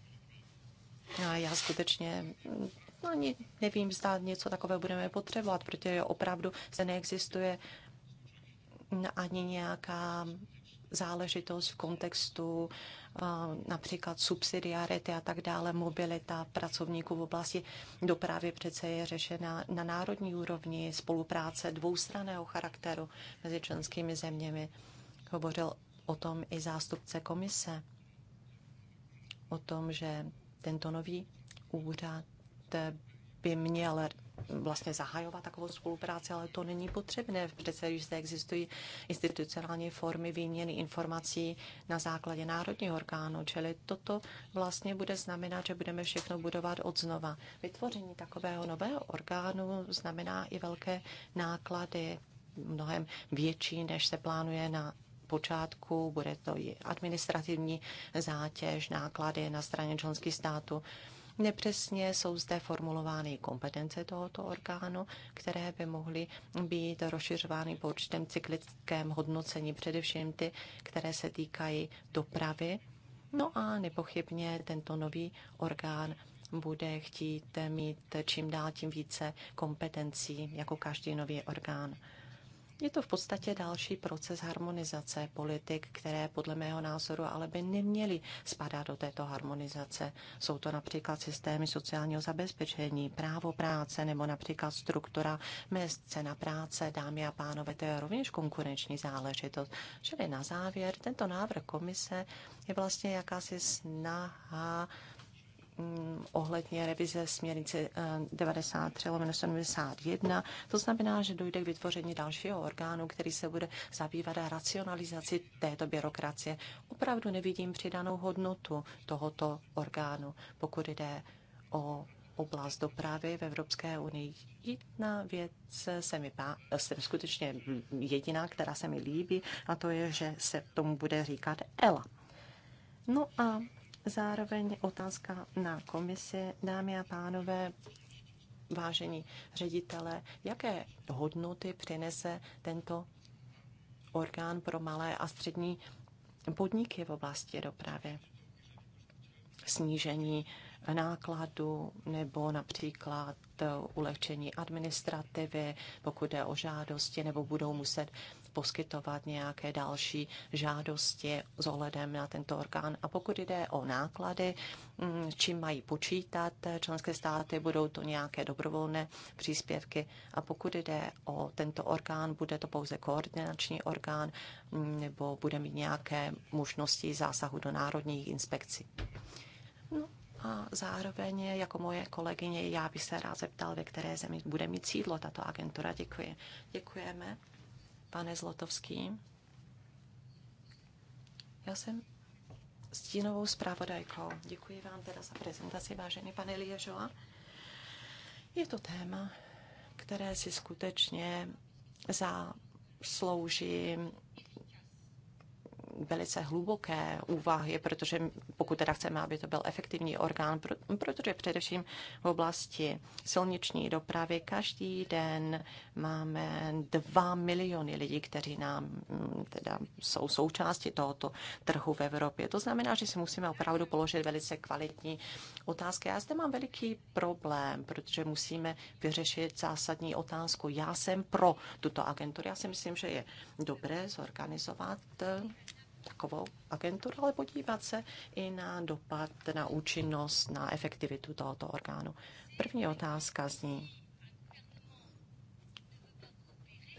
A já skutečně no, ani nevím, zda něco takového budeme potřebovat, protože opravdu se neexistuje ani nějaká záležitost v kontextu například subsidiarity a tak dále, mobilita pracovníků v oblasti dopravy přece je řešena na národní úrovni, spolupráce dvoustraného charakteru mezi členskými zeměmi. Hovořil o tom i zástupce komise, o tom, že tento nový úřad by měl vlastně zahajovat takovou spolupráci, ale to není potřebné. Přece, když zde existují institucionální formy výměny informací na základě národního orgánu, čili toto vlastně bude znamenat, že budeme všechno budovat od znova. Vytvoření takového nového orgánu znamená i velké náklady, mnohem větší, než se plánuje na počátku, bude to i administrativní zátěž, náklady na straně členských států. Nepřesně jsou zde formulovány kompetence tohoto orgánu, které by mohly být rozšiřovány po určitém cyklickém hodnocení, především ty, které se týkají dopravy. No a nepochybně tento nový orgán bude chtít mít čím dál tím více kompetencí jako každý nový orgán. Je to v podstatě další proces harmonizace politik, které podle mého názoru ale by neměly spadat do této harmonizace. Jsou to například systémy sociálního zabezpečení, právo práce nebo například struktura mest, cena práce, dámy a pánové, to je rovněž konkurenční záležitost. Čili na závěr, tento návrh komise je vlastně jakási snaha Mm, ohledně revize směrnice 93 eh, 71. To znamená, že dojde k vytvoření dalšího orgánu, který se bude zabývat racionalizaci této byrokracie. Opravdu nevidím přidanou hodnotu tohoto orgánu, pokud jde o oblast dopravy v Evropské unii. Jedna věc se mi pá, jsem skutečně jediná, která se mi líbí, a to je, že se tomu bude říkat ELA. No a Zároveň otázka na komisi. Dámy a pánové, vážení ředitele, jaké hodnoty přinese tento orgán pro malé a střední podniky v oblasti dopravy? Snížení nákladu nebo například ulehčení administrativy, pokud jde o žádosti, nebo budou muset poskytovat nějaké další žádosti s ohledem na tento orgán. A pokud jde o náklady, mm, čím mají počítat členské státy, budou to nějaké dobrovolné příspěvky. A pokud jde o tento orgán, bude to pouze koordinační orgán mm, nebo bude mít nějaké možnosti zásahu do národních inspekcí. No, a zároveň, jako moje kolegyně, já bych se rád zeptal, ve které zemi bude mít sídlo tato agentura. Děkuji. Děkujeme, pane Zlotovský. Já jsem stínovou zpravodajkou. Děkuji vám teda za prezentaci, vážený pane Liežova. Je to téma, které si skutečně zaslouží velice hluboké úvahy, protože pokud teda chceme, aby to byl efektivní orgán, protože především v oblasti silniční dopravy každý den máme dva miliony lidí, kteří nám mm, teda jsou součástí tohoto trhu v Evropě. To znamená, že si musíme opravdu položit velice kvalitní otázky. Já zde mám veliký problém, protože musíme vyřešit zásadní otázku. Já jsem pro tuto agenturu. Já si myslím, že je dobré zorganizovat takovou agenturu, ale podívat se i na dopad, na účinnost, na efektivitu tohoto orgánu. První otázka zní,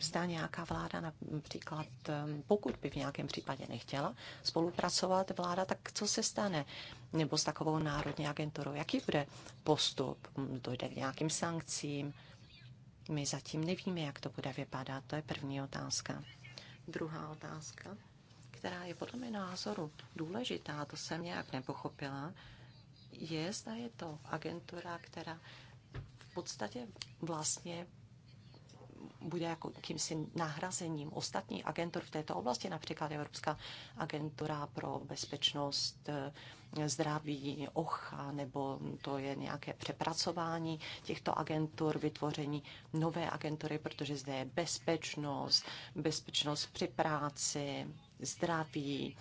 zda nějaká vláda například, um, pokud by v nějakém případě nechtěla spolupracovat vláda, tak co se stane? Nebo s takovou národní agenturou, jaký bude postup? Um, dojde k nějakým sankcím? My zatím nevíme, jak to bude vypadat. To je první otázka. Druhá otázka která je podle mě názoru důležitá, to jsem nějak nepochopila, je, zda je to agentura, která v podstatě vlastně bude jako jakýmsi nahrazením ostatních agentur v této oblasti, například Evropská agentura pro bezpečnost eh, zdraví, OCHA, nebo to je nějaké přepracování těchto agentur, vytvoření nové agentury, protože zde je bezpečnost, bezpečnost při práci, zdraví,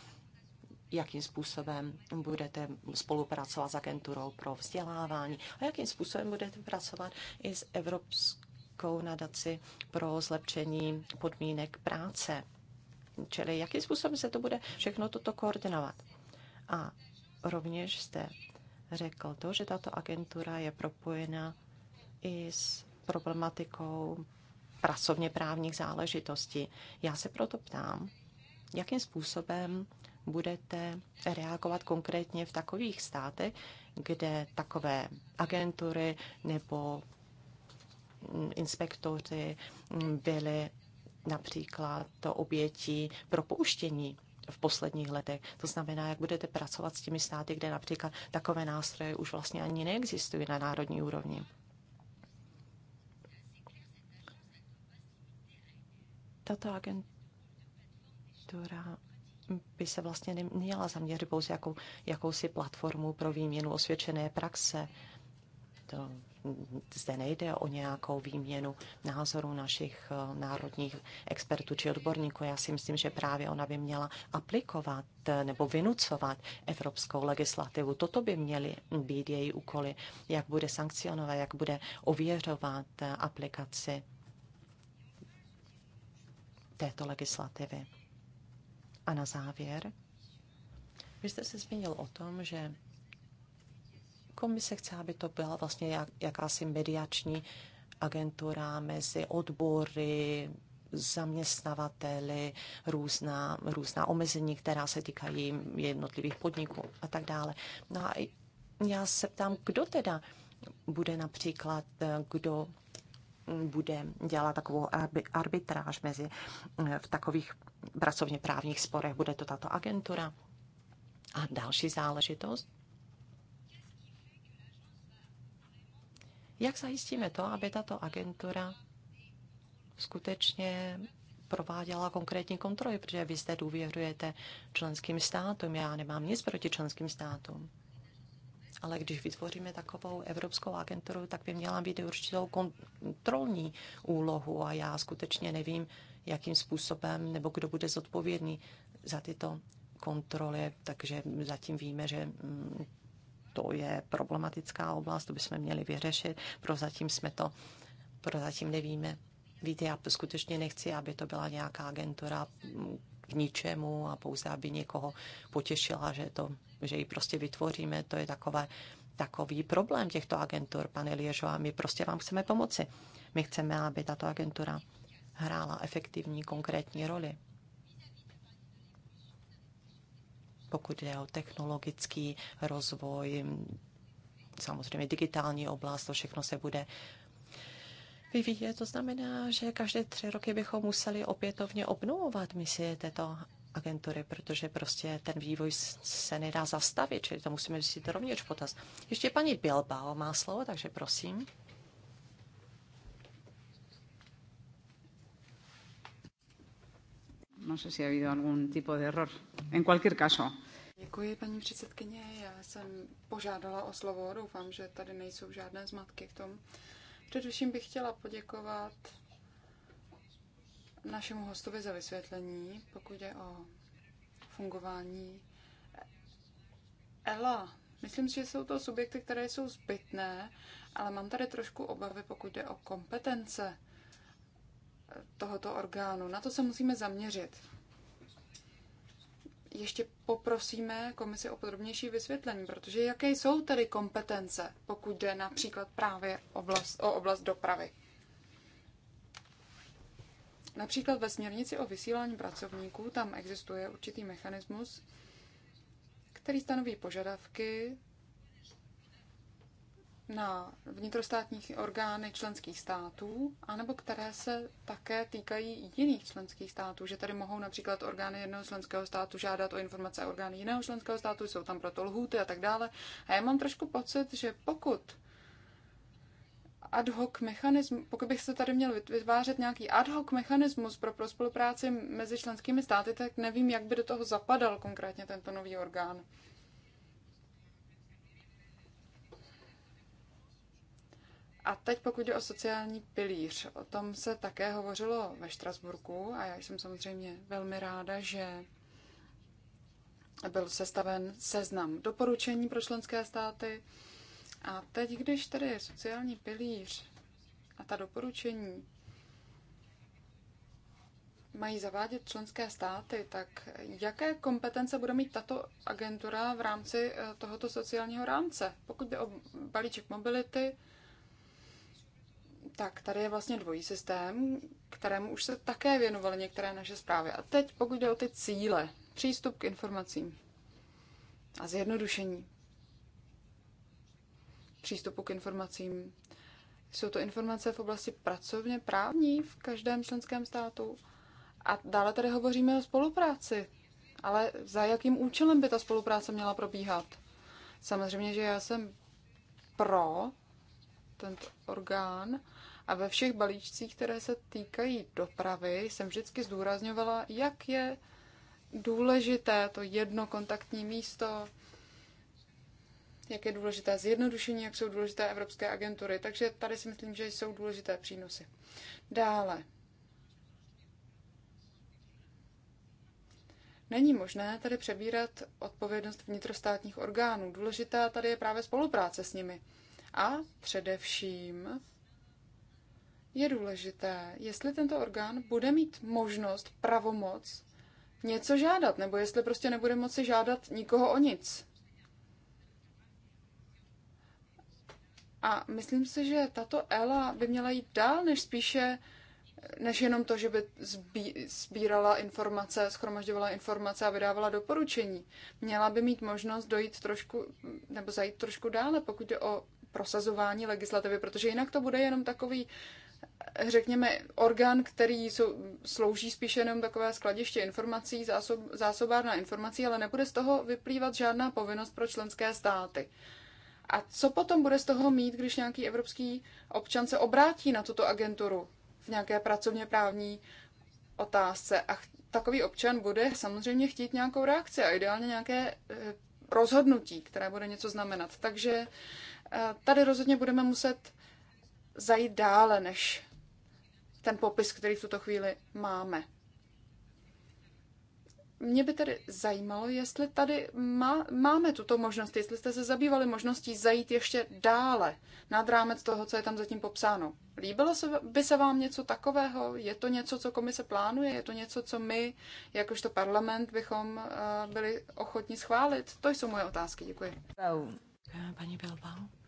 jakým způsobem budete spolupracovat s agenturou pro vzdělávání a jakým způsobem budete pracovat i s Evropskou Českou nadaci pro zlepšení podmínek práce. Čili jakým způsobem se to bude všechno toto koordinovat. A rovněž jste řekl to, že tato agentura je propojena i s problematikou pracovně právních záležitostí. Já se proto ptám, jakým způsobem budete reagovat konkrétně v takových státech, kde takové agentury nebo inspektoři byli například to obětí propouštění v posledních letech. To znamená, jak budete pracovat s těmi státy, kde například takové nástroje už vlastně ani neexistují na národní úrovni. Tato agentura by se vlastně neměla zaměřit pouze jako jakousi platformu pro výměnu osvědčené praxe. To zde nejde o nějakou výměnu názorů našich eh, národních expertů či odborníků. Já si myslím, že právě ona by měla aplikovat eh, nebo vynucovat evropskou legislativu. Toto by měly být její úkoly, jak bude sankcionovat, jak bude ověřovat eh, aplikaci této legislativy. A na závěr, vy jste se zmínil o tom, že Komise chce, aby to byla vlastně jak, jakási mediační agentura mezi odbory, zaměstnavateli, různá, různá omezení, která se týkají jednotlivých podniků a tak dále. No a já se ptám, kdo teda bude například, eh, kdo bude dělat takovou arbitráž mezi eh, v takových pracovně právních sporech. Bude to tato agentura. A další záležitost, Jak zajistíme to, aby tato agentura skutečně prováděla konkrétní kontroly, protože vy zde důvěřujete členským státům. Já nemám nic proti členským státům. Ale když vytvoříme takovou evropskou agenturu, tak by měla být určitou kontrolní úlohu a já skutečně nevím, jakým způsobem nebo kdo bude zodpovědný za tyto kontroly, takže zatím víme, že mm, to je problematická oblast, to bychom měli vyřešit. Prozatím jsme to, prozatím nevíme. Víte, já skutečně nechci, aby to byla nějaká agentura k ničemu a pouze, aby někoho potěšila, že, to, že ji prostě vytvoříme. To je takové, takový problém těchto agentur, pane Liežo, a my prostě vám chceme pomoci. My chceme, aby tato agentura hrála efektivní, konkrétní roli. pokud jde o technologický rozvoj, samozřejmě digitální oblast, to všechno se bude vyvíjet. To znamená, že každé tři roky bychom museli opětovně obnovovat misi této agentury, protože prostě ten vývoj se nedá zastavit, čili to musíme vzít rovněž potaz. Ještě paní Bilbao má slovo, takže prosím. No sé si ha habido algún tipo de error. En cualquier caso. Děkuji, paní předsedkyně. Já jsem požádala o slovo. Doufám, že tady nejsou žádné zmatky v tom. Především bych chtěla poděkovat našemu hostovi za vysvětlení, pokud je o fungování ELA. Myslím si, že jsou to subjekty, které jsou zbytné, ale mám tady trošku obavy, pokud jde o kompetence tohoto orgánu. Na to se musíme zaměřit. Ještě poprosíme komisi o podrobnější vysvětlení, protože jaké jsou tedy kompetence, pokud jde například právě oblast, o oblast dopravy. Například ve směrnici o vysílání pracovníků tam existuje určitý mechanismus, který stanoví požadavky na vnitrostátních orgány členských států, anebo které se také týkají jiných členských států, že tady mohou například orgány jednoho členského státu žádat o informace orgány jiného členského státu, jsou tam proto lhůty a tak dále. A já mám trošku pocit, že pokud ad hoc mechanism, pokud bych se tady měl vytvářet nějaký ad hoc mechanismus pro, pro spolupráci mezi členskými státy, tak nevím, jak by do toho zapadal konkrétně tento nový orgán. A teď pokud jde o sociální pilíř, o tom se také hovořilo ve Štrasburku a já jsem samozřejmě velmi ráda, že byl sestaven seznam doporučení pro členské státy. A teď, když tady je sociální pilíř a ta doporučení mají zavádět členské státy, tak jaké kompetence bude mít tato agentura v rámci eh, tohoto sociálního rámce? Pokud jde o balíček mobility, tak tady je vlastně dvojí systém, kterému už se také věnovaly některé naše zprávy. A teď pokud jde o ty cíle, přístup k informacím a zjednodušení přístupu k informacím. Jsou to informace v oblasti pracovně právní v každém členském státu. A dále tady hovoříme o spolupráci. Ale za jakým účelem by ta spolupráce měla probíhat? Samozřejmě, že já jsem pro tento orgán, a ve všech balíčcích, které se týkají dopravy, jsem vždycky zdůrazňovala, jak je důležité to jedno kontaktní místo, jak je důležité zjednodušení, jak jsou důležité evropské agentury. Takže tady si myslím, že jsou důležité přínosy. Dále. Není možné tady přebírat odpovědnost vnitrostátních orgánů. Důležitá tady je právě spolupráce s nimi. A především je důležité, jestli tento orgán bude mít možnost, pravomoc něco žádat, nebo jestli prostě nebude moci žádat nikoho o nic. A myslím si, že tato ELA by měla jít dál, než spíše, než jenom to, že by sbírala informace, schromažďovala informace a vydávala doporučení. Měla by mít možnost dojít trošku, nebo zajít trošku dále, pokud jde o prosazování legislativy, protože jinak to bude jenom takový řekněme, orgán, který jsou, slouží spíše jenom takové skladiště informací, zásob, zásobárna informací, ale nebude z toho vyplývat žádná povinnost pro členské státy. A co potom bude z toho mít, když nějaký evropský občan se obrátí na tuto agenturu v nějaké pracovně právní otázce? A takový občan bude samozřejmě chtít nějakou reakci a ideálně nějaké eh, rozhodnutí, které bude něco znamenat. Takže eh, tady rozhodně budeme muset zajít dále než ten popis, který v tuto chvíli máme. Mě by tedy zajímalo, jestli tady má, máme tuto možnost, jestli jste se zabývali možností zajít ještě dále nad rámec toho, co je tam zatím popsáno. Líbilo se, by se vám něco takového? Je to něco, co komise plánuje? Je to něco, co my, jakožto parlament, bychom eh, byli ochotni schválit? To jsou moje otázky. Děkuji. Eh, paní Bilbao.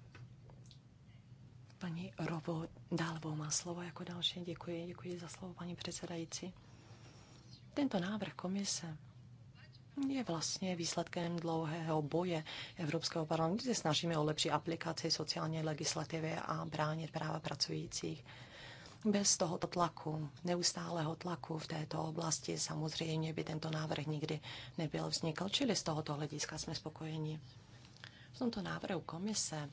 Paní Robo Dálovou má slovo jako další. Děkuji, děkuji za slovo, paní předsedající. Tento návrh komise je vlastně výsledkem dlouhého boje Evropského parlamentu, kde se snažíme o lepší aplikaci sociální legislativy a bránit práva pracujících. Bez tohoto tlaku, neustálého tlaku v této oblasti, samozřejmě by tento návrh nikdy nebyl vznikl, čili z tohoto hlediska jsme spokojeni. V tomto návrhu komise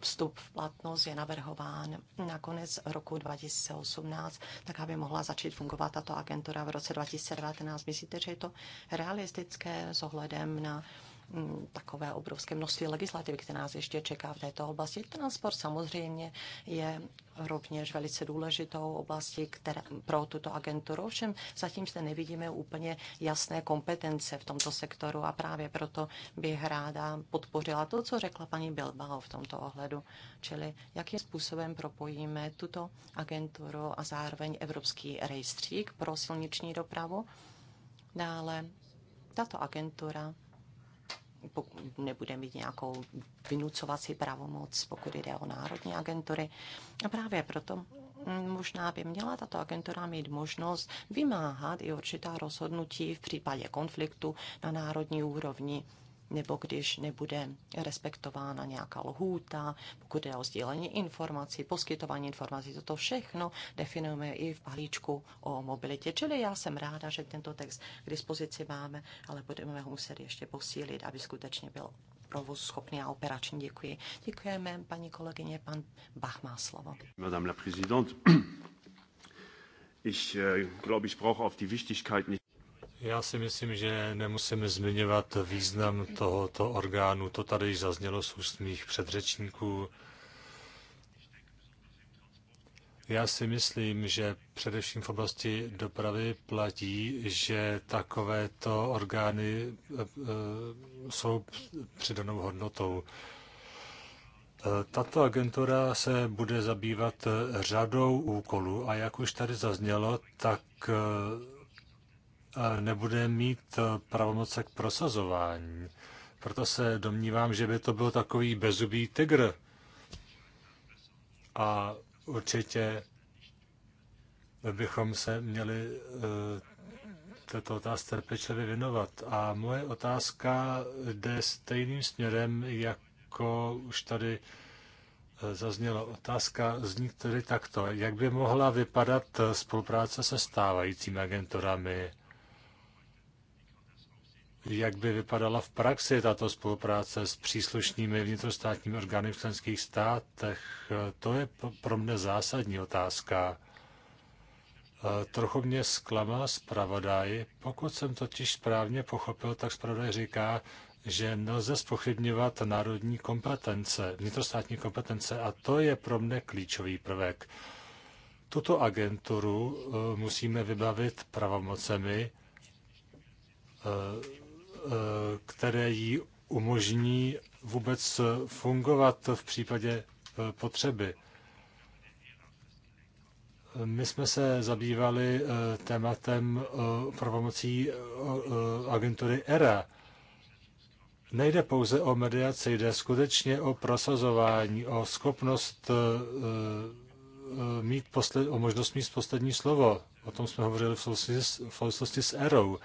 vstup v platnost je navrhován na konec roku 2018, tak aby mohla začít fungovat tato agentura v roce 2019. Myslíte, že je to realistické s ohledem na Mm, takové obrovské množství legislativy, které nás ještě čeká v této oblasti. Transport samozřejmě je rovněž velice důležitou oblastí která, pro tuto agenturu. Ovšem zatím zde nevidíme úplně jasné kompetence v tomto sektoru a právě proto bych ráda podpořila to, co řekla paní Bilbao v tomto ohledu, čili jakým způsobem propojíme tuto agenturu a zároveň Evropský rejstřík pro silniční dopravu. Dále tato agentura pokud nebude mít nějakou vynucovací pravomoc, pokud jde o národní agentury. A právě proto mm, možná by měla tato agentura mít možnost vymáhat i určitá rozhodnutí v případě konfliktu na národní úrovni nebo když nebude respektována nějaká lhůta, pokud je o sdílení informací, poskytování informací, toto všechno definujeme i v balíčku o mobilitě. Čili já jsem ráda, že tento text k dispozici máme, ale budeme ho muset ještě posílit, aby skutečně byl provoz schopný a operační. Děkuji. Děkujeme, paní kolegyně, pan Bach má slovo. Madame la présidente, ich äh, glaube, ich brauche auf die Wichtigkeit nicht já si myslím, že nemusíme zmiňovat význam tohoto orgánu. To tady již zaznělo z úst mých předřečníků. Já si myslím, že především v oblasti dopravy platí, že takovéto orgány e, e, jsou přidanou hodnotou. E, tato agentura se bude zabývat řadou úkolů a jak už tady zaznělo, tak nebude mít e, pravomoce k prosazování. Proto se domnívám, že by to byl takový bezubý tygr. A určitě bychom se měli e, této otázce trpečlivě věnovat. A moje otázka jde stejným směrem, jako už tady e, zaznělo. Otázka zní tedy takto. Jak by mohla vypadat spolupráce se stávajícími agenturami? jak by vypadala v praxi tato spolupráce s příslušnými vnitrostátními orgány v členských státech, to je pro mě zásadní otázka. Trochu mě zklamal zpravodaj. Pokud jsem totiž správně pochopil, tak zpravodaj říká, že nelze spochybňovat národní kompetence, vnitrostátní kompetence a to je pro mne klíčový prvek. Tuto agenturu eh, musíme vybavit pravomocemi, eh, Eh, které jí umožní vůbec fungovat v případě eh, potřeby. My jsme se zabývali eh, tématem pravomocí agentury ERA. Nejde pouze o mediaci, jde skutečně o prosazování, o schopnost mít posled, o možnost mít poslední slovo. O tom jsme hovořili v souvislosti s, v s ERou.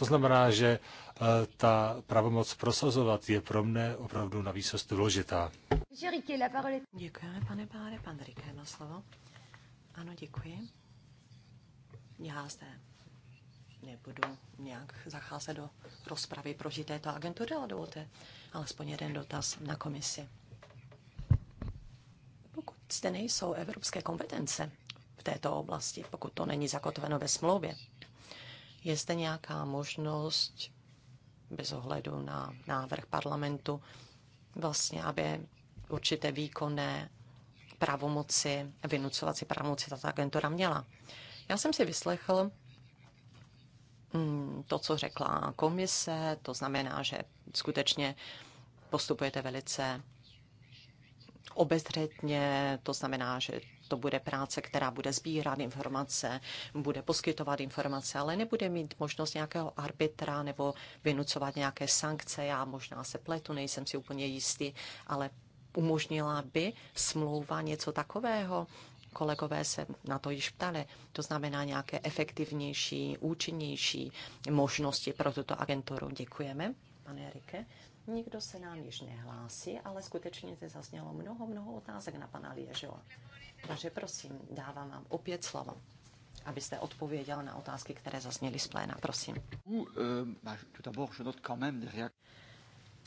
To znamená, že eh, ta pravomoc prosazovat je pro mne opravdu na výsost důležitá. Děkujeme, pane Páre. Pan Rike má slovo. Ano, děkuji. Já zde nebudu nějak zacházet do rozpravy proti této agentury, ale dovolte alespoň jeden dotaz na komisi. Pokud zde nejsou evropské kompetence v této oblasti, pokud to není zakotveno ve smlouvě, je zde nějaká možnost, bez ohledu na návrh parlamentu, vlastně, aby určité výkonné pravomoci, vynucovací pravomoci tato agentura měla. Já jsem si vyslechl mm, to, co řekla komise, to znamená, že skutečně postupujete velice obezřetně, to znamená, že to bude práce, která bude sbírat informace, bude poskytovat informace, ale nebude mít možnost nějakého arbitra nebo vynucovat nějaké sankce. Já možná se pletu, nejsem si úplně jistý, ale umožnila by smlouva něco takového. Kolegové se na to již ptali. To znamená nějaké efektivnější, účinnější možnosti pro tuto agenturu. Děkujeme, pane Erike. Nikdo se nám již nehlásí, ale skutečně zde zaznělo mnoho, mnoho otázek na pana Liežova. Takže prosím, dávám vám opět slovo, abyste odpověděl na otázky, které zazněly z pléna. Prosím. Euh,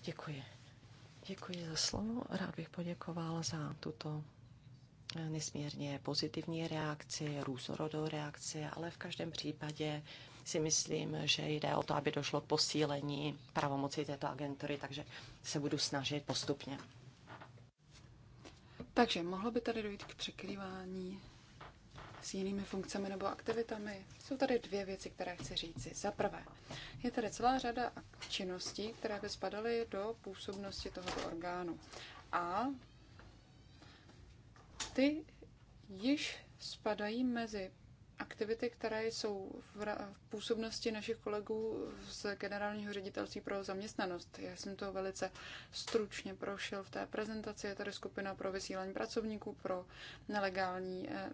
Děkuji. Děkuji za slovo. Rád bych poděkoval za tuto eh, nesmírně pozitivní reakci, růzorodou reakci, ale v každém případě si myslím, že jde o to, aby došlo k posílení pravomoci této agentury, takže se budu snažit postupně. Takže mohlo by tady dojít k překrývání s jinými funkcemi nebo aktivitami. Jsou tady dvě věci, které chci říci. Za prvé, je tady celá řada činností, které by spadaly do působnosti tohoto orgánu. A ty již spadají mezi aktivity, které jsou v, působnosti našich kolegů z Generálního ředitelství pro zaměstnanost. Já jsem to velice stručně prošel v té prezentaci. Je tady skupina pro vysílání pracovníků, pro nelegální eh,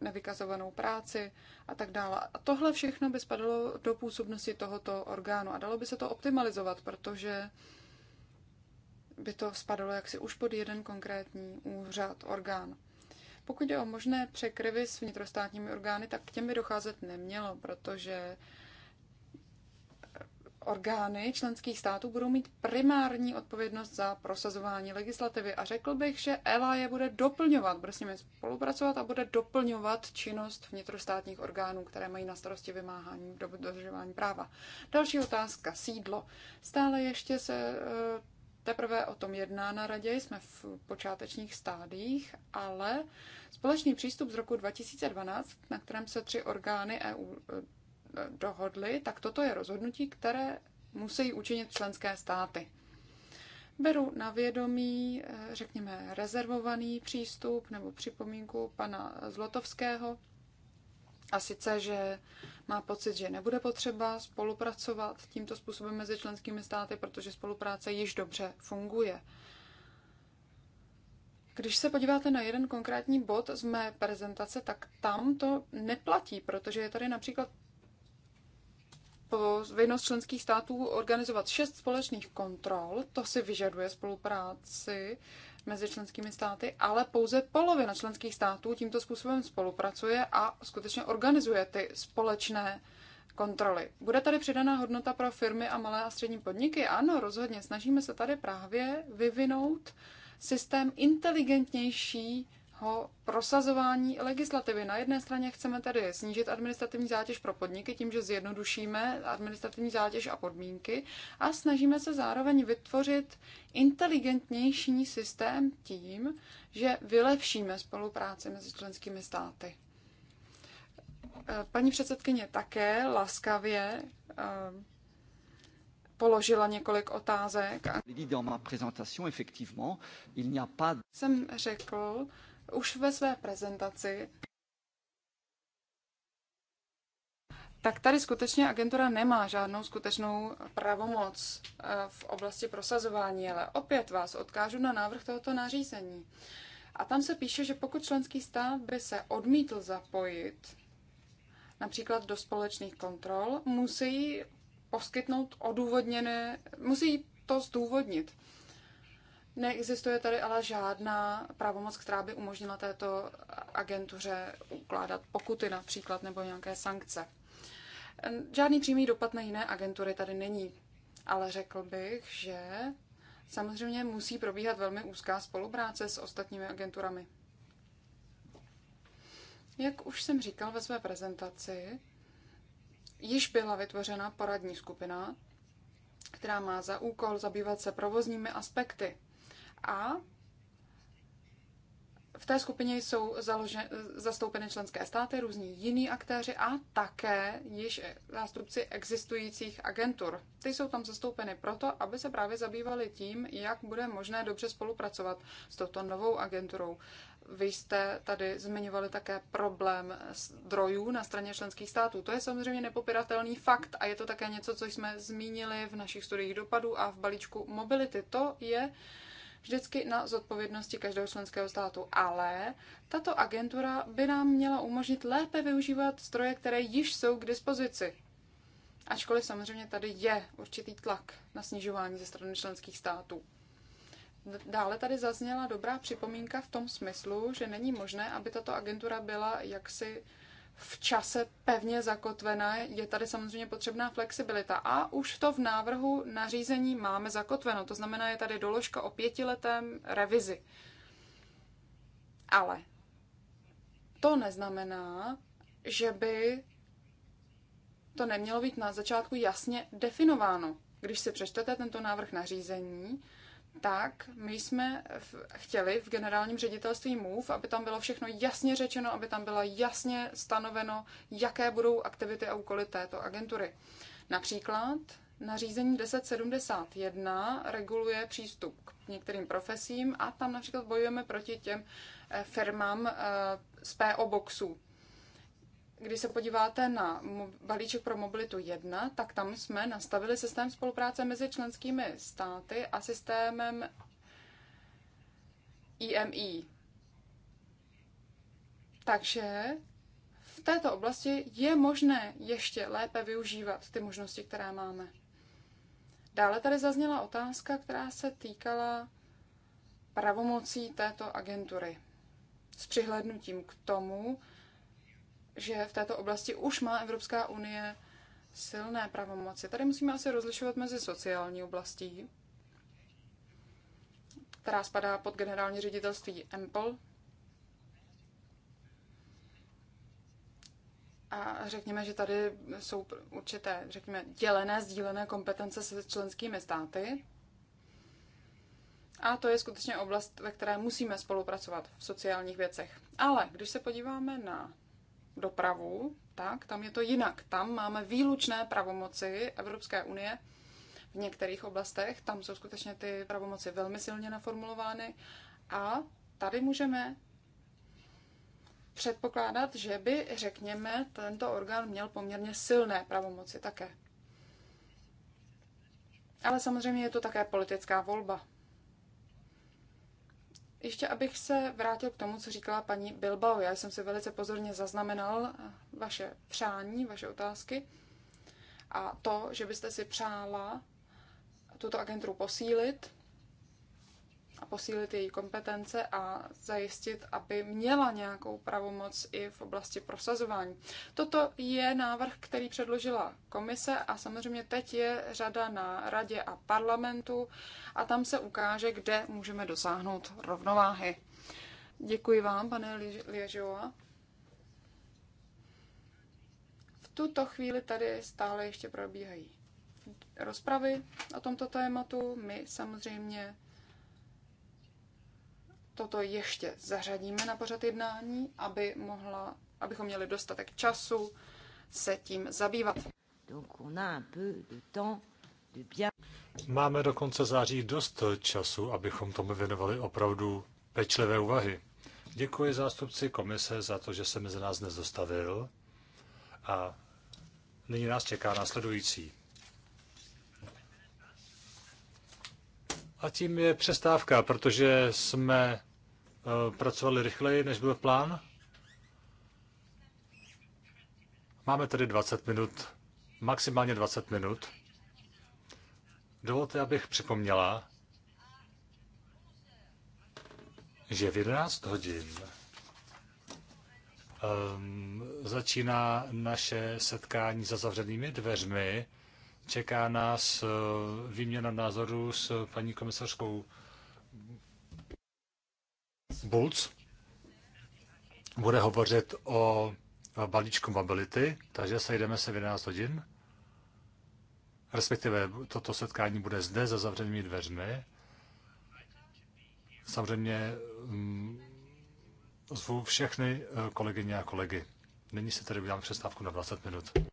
nevykazovanou práci a tak dále. A tohle všechno by spadalo do působnosti tohoto orgánu a dalo by se to optimalizovat, protože by to spadalo jaksi už pod jeden konkrétní úřad, orgán. Pokud je o možné překryvy s vnitrostátními orgány, tak k těm by docházet nemělo, protože orgány členských států budou mít primární odpovědnost za prosazování legislativy a řekl bych, že ELA je bude doplňovat, bude s nimi spolupracovat a bude doplňovat činnost vnitrostátních orgánů, které mají na starosti vymáhání dodržování práva. Další otázka, sídlo. Stále ještě se eh, teprve o tom jedná na radě, jsme v počátečních stádiích, ale společný přístup z roku 2012, na kterém se tři orgány EU e, dohodly, tak toto je rozhodnutí, které musí učinit členské státy. Beru na vědomí, e, řekněme, rezervovaný přístup nebo připomínku pana Zlotovského, a sice, že má pocit, že nebude potřeba spolupracovat tímto způsobem mezi členskými státy, protože spolupráce již dobře funguje. Když se podíváte na jeden konkrétní bod z mé prezentace, tak tam to neplatí, protože je tady například povinnost členských států organizovat šest společných kontrol. To si vyžaduje spolupráci mezi členskými státy, ale pouze polovina členských států tímto způsobem spolupracuje a skutečně organizuje ty společné kontroly. Bude tady přidaná hodnota pro firmy a malé a střední podniky? Ano, rozhodně. Snažíme se tady právě vyvinout systém inteligentnější prosazování legislativy. Na jedné straně chceme tedy snížit administrativní zátěž pro podniky tím, že zjednodušíme administrativní zátěž a podmínky a snažíme se zároveň vytvořit inteligentnější systém tím, že vylepšíme spolupráci mezi členskými státy. E, paní předsedkyně také laskavě e, položila několik otázek. Jsem řekl, už ve své prezentaci, tak tady skutečně agentura nemá žádnou skutečnou pravomoc eh, v oblasti prosazování, ale opět vás odkážu na návrh tohoto nařízení. A tam se píše, že pokud členský stát by se odmítl zapojit například do společných kontrol, musí poskytnout odůvodněné, musí to zdůvodnit. Neexistuje tady ale žádná pravomoc, která by umožnila této agentuře ukládat pokuty například nebo nějaké sankce. Žádný přímý dopad na jiné agentury tady není, ale řekl bych, že samozřejmě musí probíhat velmi úzká spolupráce s ostatními agenturami. Jak už jsem říkal ve své prezentaci, již byla vytvořena poradní skupina, která má za úkol zabývat se provozními aspekty a v té skupině jsou založen, zastoupeny členské státy, různí jiní aktéři a také již zástupci existujících agentur. Ty jsou tam zastoupeny proto, aby se právě zabývali tím, jak bude možné dobře spolupracovat s touto novou agenturou. Vy jste tady zmiňovali také problém zdrojů na straně členských států. To je samozřejmě nepopiratelný fakt a je to také něco, co jsme zmínili v našich studiích dopadů a v balíčku mobility. To je uh, vždycky na zodpovědnosti každého členského státu. Ale tato agentura by nám měla umožnit lépe využívat stroje, které již jsou k dispozici. Ačkoliv samozřejmě tady je určitý tlak na snižování ze strany členských států. Dále tady zazněla dobrá připomínka v tom smyslu, že není možné, aby tato agentura byla jaksi v čase pevně zakotvená. Je tady samozřejmě potřebná flexibilita a už to v návrhu nařízení máme zakotveno. To znamená, je tady doložka o pětiletém revizi. Ale to neznamená, že by to nemělo být na začátku jasně definováno. Když si přečtete tento návrh nařízení, tak my jsme v, chtěli v generálním ředitelství MOVE, aby tam bylo všechno jasně řečeno, aby tam bylo jasně stanoveno, jaké budou aktivity a úkoly této agentury. Například nařízení 1071 reguluje přístup k některým profesím a tam například bojujeme proti těm eh, firmám eh, z PO boxů když se podíváte na balíček pro mobilitu 1, tak tam jsme nastavili systém spolupráce mezi členskými státy a systémem IMI. Takže v této oblasti je možné ještě lépe využívat ty možnosti, které máme. Dále tady zazněla otázka, která se týkala pravomocí této agentury. S přihlednutím k tomu, že v této oblasti už má Evropská unie silné pravomoci. Tady musíme asi rozlišovat mezi sociální oblastí, která spadá pod generální ředitelství EMPL, A řekněme, že tady jsou určité, řekněme, dělené, sdílené kompetence se členskými státy. A to je skutečně oblast, ve které musíme spolupracovat v sociálních věcech. Ale když se podíváme na dopravu, tak tam je to jinak. Tam máme výlučné pravomoci Evropské unie v některých oblastech, tam jsou skutečně ty pravomoci velmi silně naformulovány a tady můžeme předpokládat, že by, řekněme, tento orgán měl poměrně silné pravomoci také. Ale samozřejmě je to také politická volba. Ještě abych se vrátil k tomu, co říkala paní Bilbao. Já jsem si velice pozorně zaznamenal vaše přání, vaše otázky a to, že byste si přála tuto agenturu posílit, posílit její kompetence a zajistit, aby měla nějakou pravomoc i v oblasti prosazování. Toto je návrh, který předložila komise a samozřejmě teď je řada na radě a parlamentu a tam se ukáže, kde můžeme dosáhnout rovnováhy. Děkuji vám, pane Liežová. V tuto chvíli tady stále ještě probíhají rozpravy o tomto tématu. My samozřejmě toto ještě zařadíme na pořad jednání, aby mohla, abychom měli dostatek času se tím zabývat. Máme do konce září dost času, abychom tomu věnovali opravdu pečlivé úvahy. Děkuji zástupci komise za to, že se mezi nás dnes dostavil a nyní nás čeká následující. A tím je přestávka, protože jsme Eh, pracovali rychleji, než byl plán. Máme tedy 20 minut, maximálně 20 minut. Dovolte, abych připomněla, že v 11 hodin um, začíná naše setkání za zavřenými dveřmi. Čeká nás eh, výměna názorů s paní komisařkou Bulc bude hovořit o balíčku mobility, takže sejdeme se v 11 hodin. Respektive toto setkání bude zde za zavřenými dveřmi. Samozřejmě mm, zvu všechny eh, kolegyně a kolegy. Nyní se tedy udělám přestávku na 20 minut.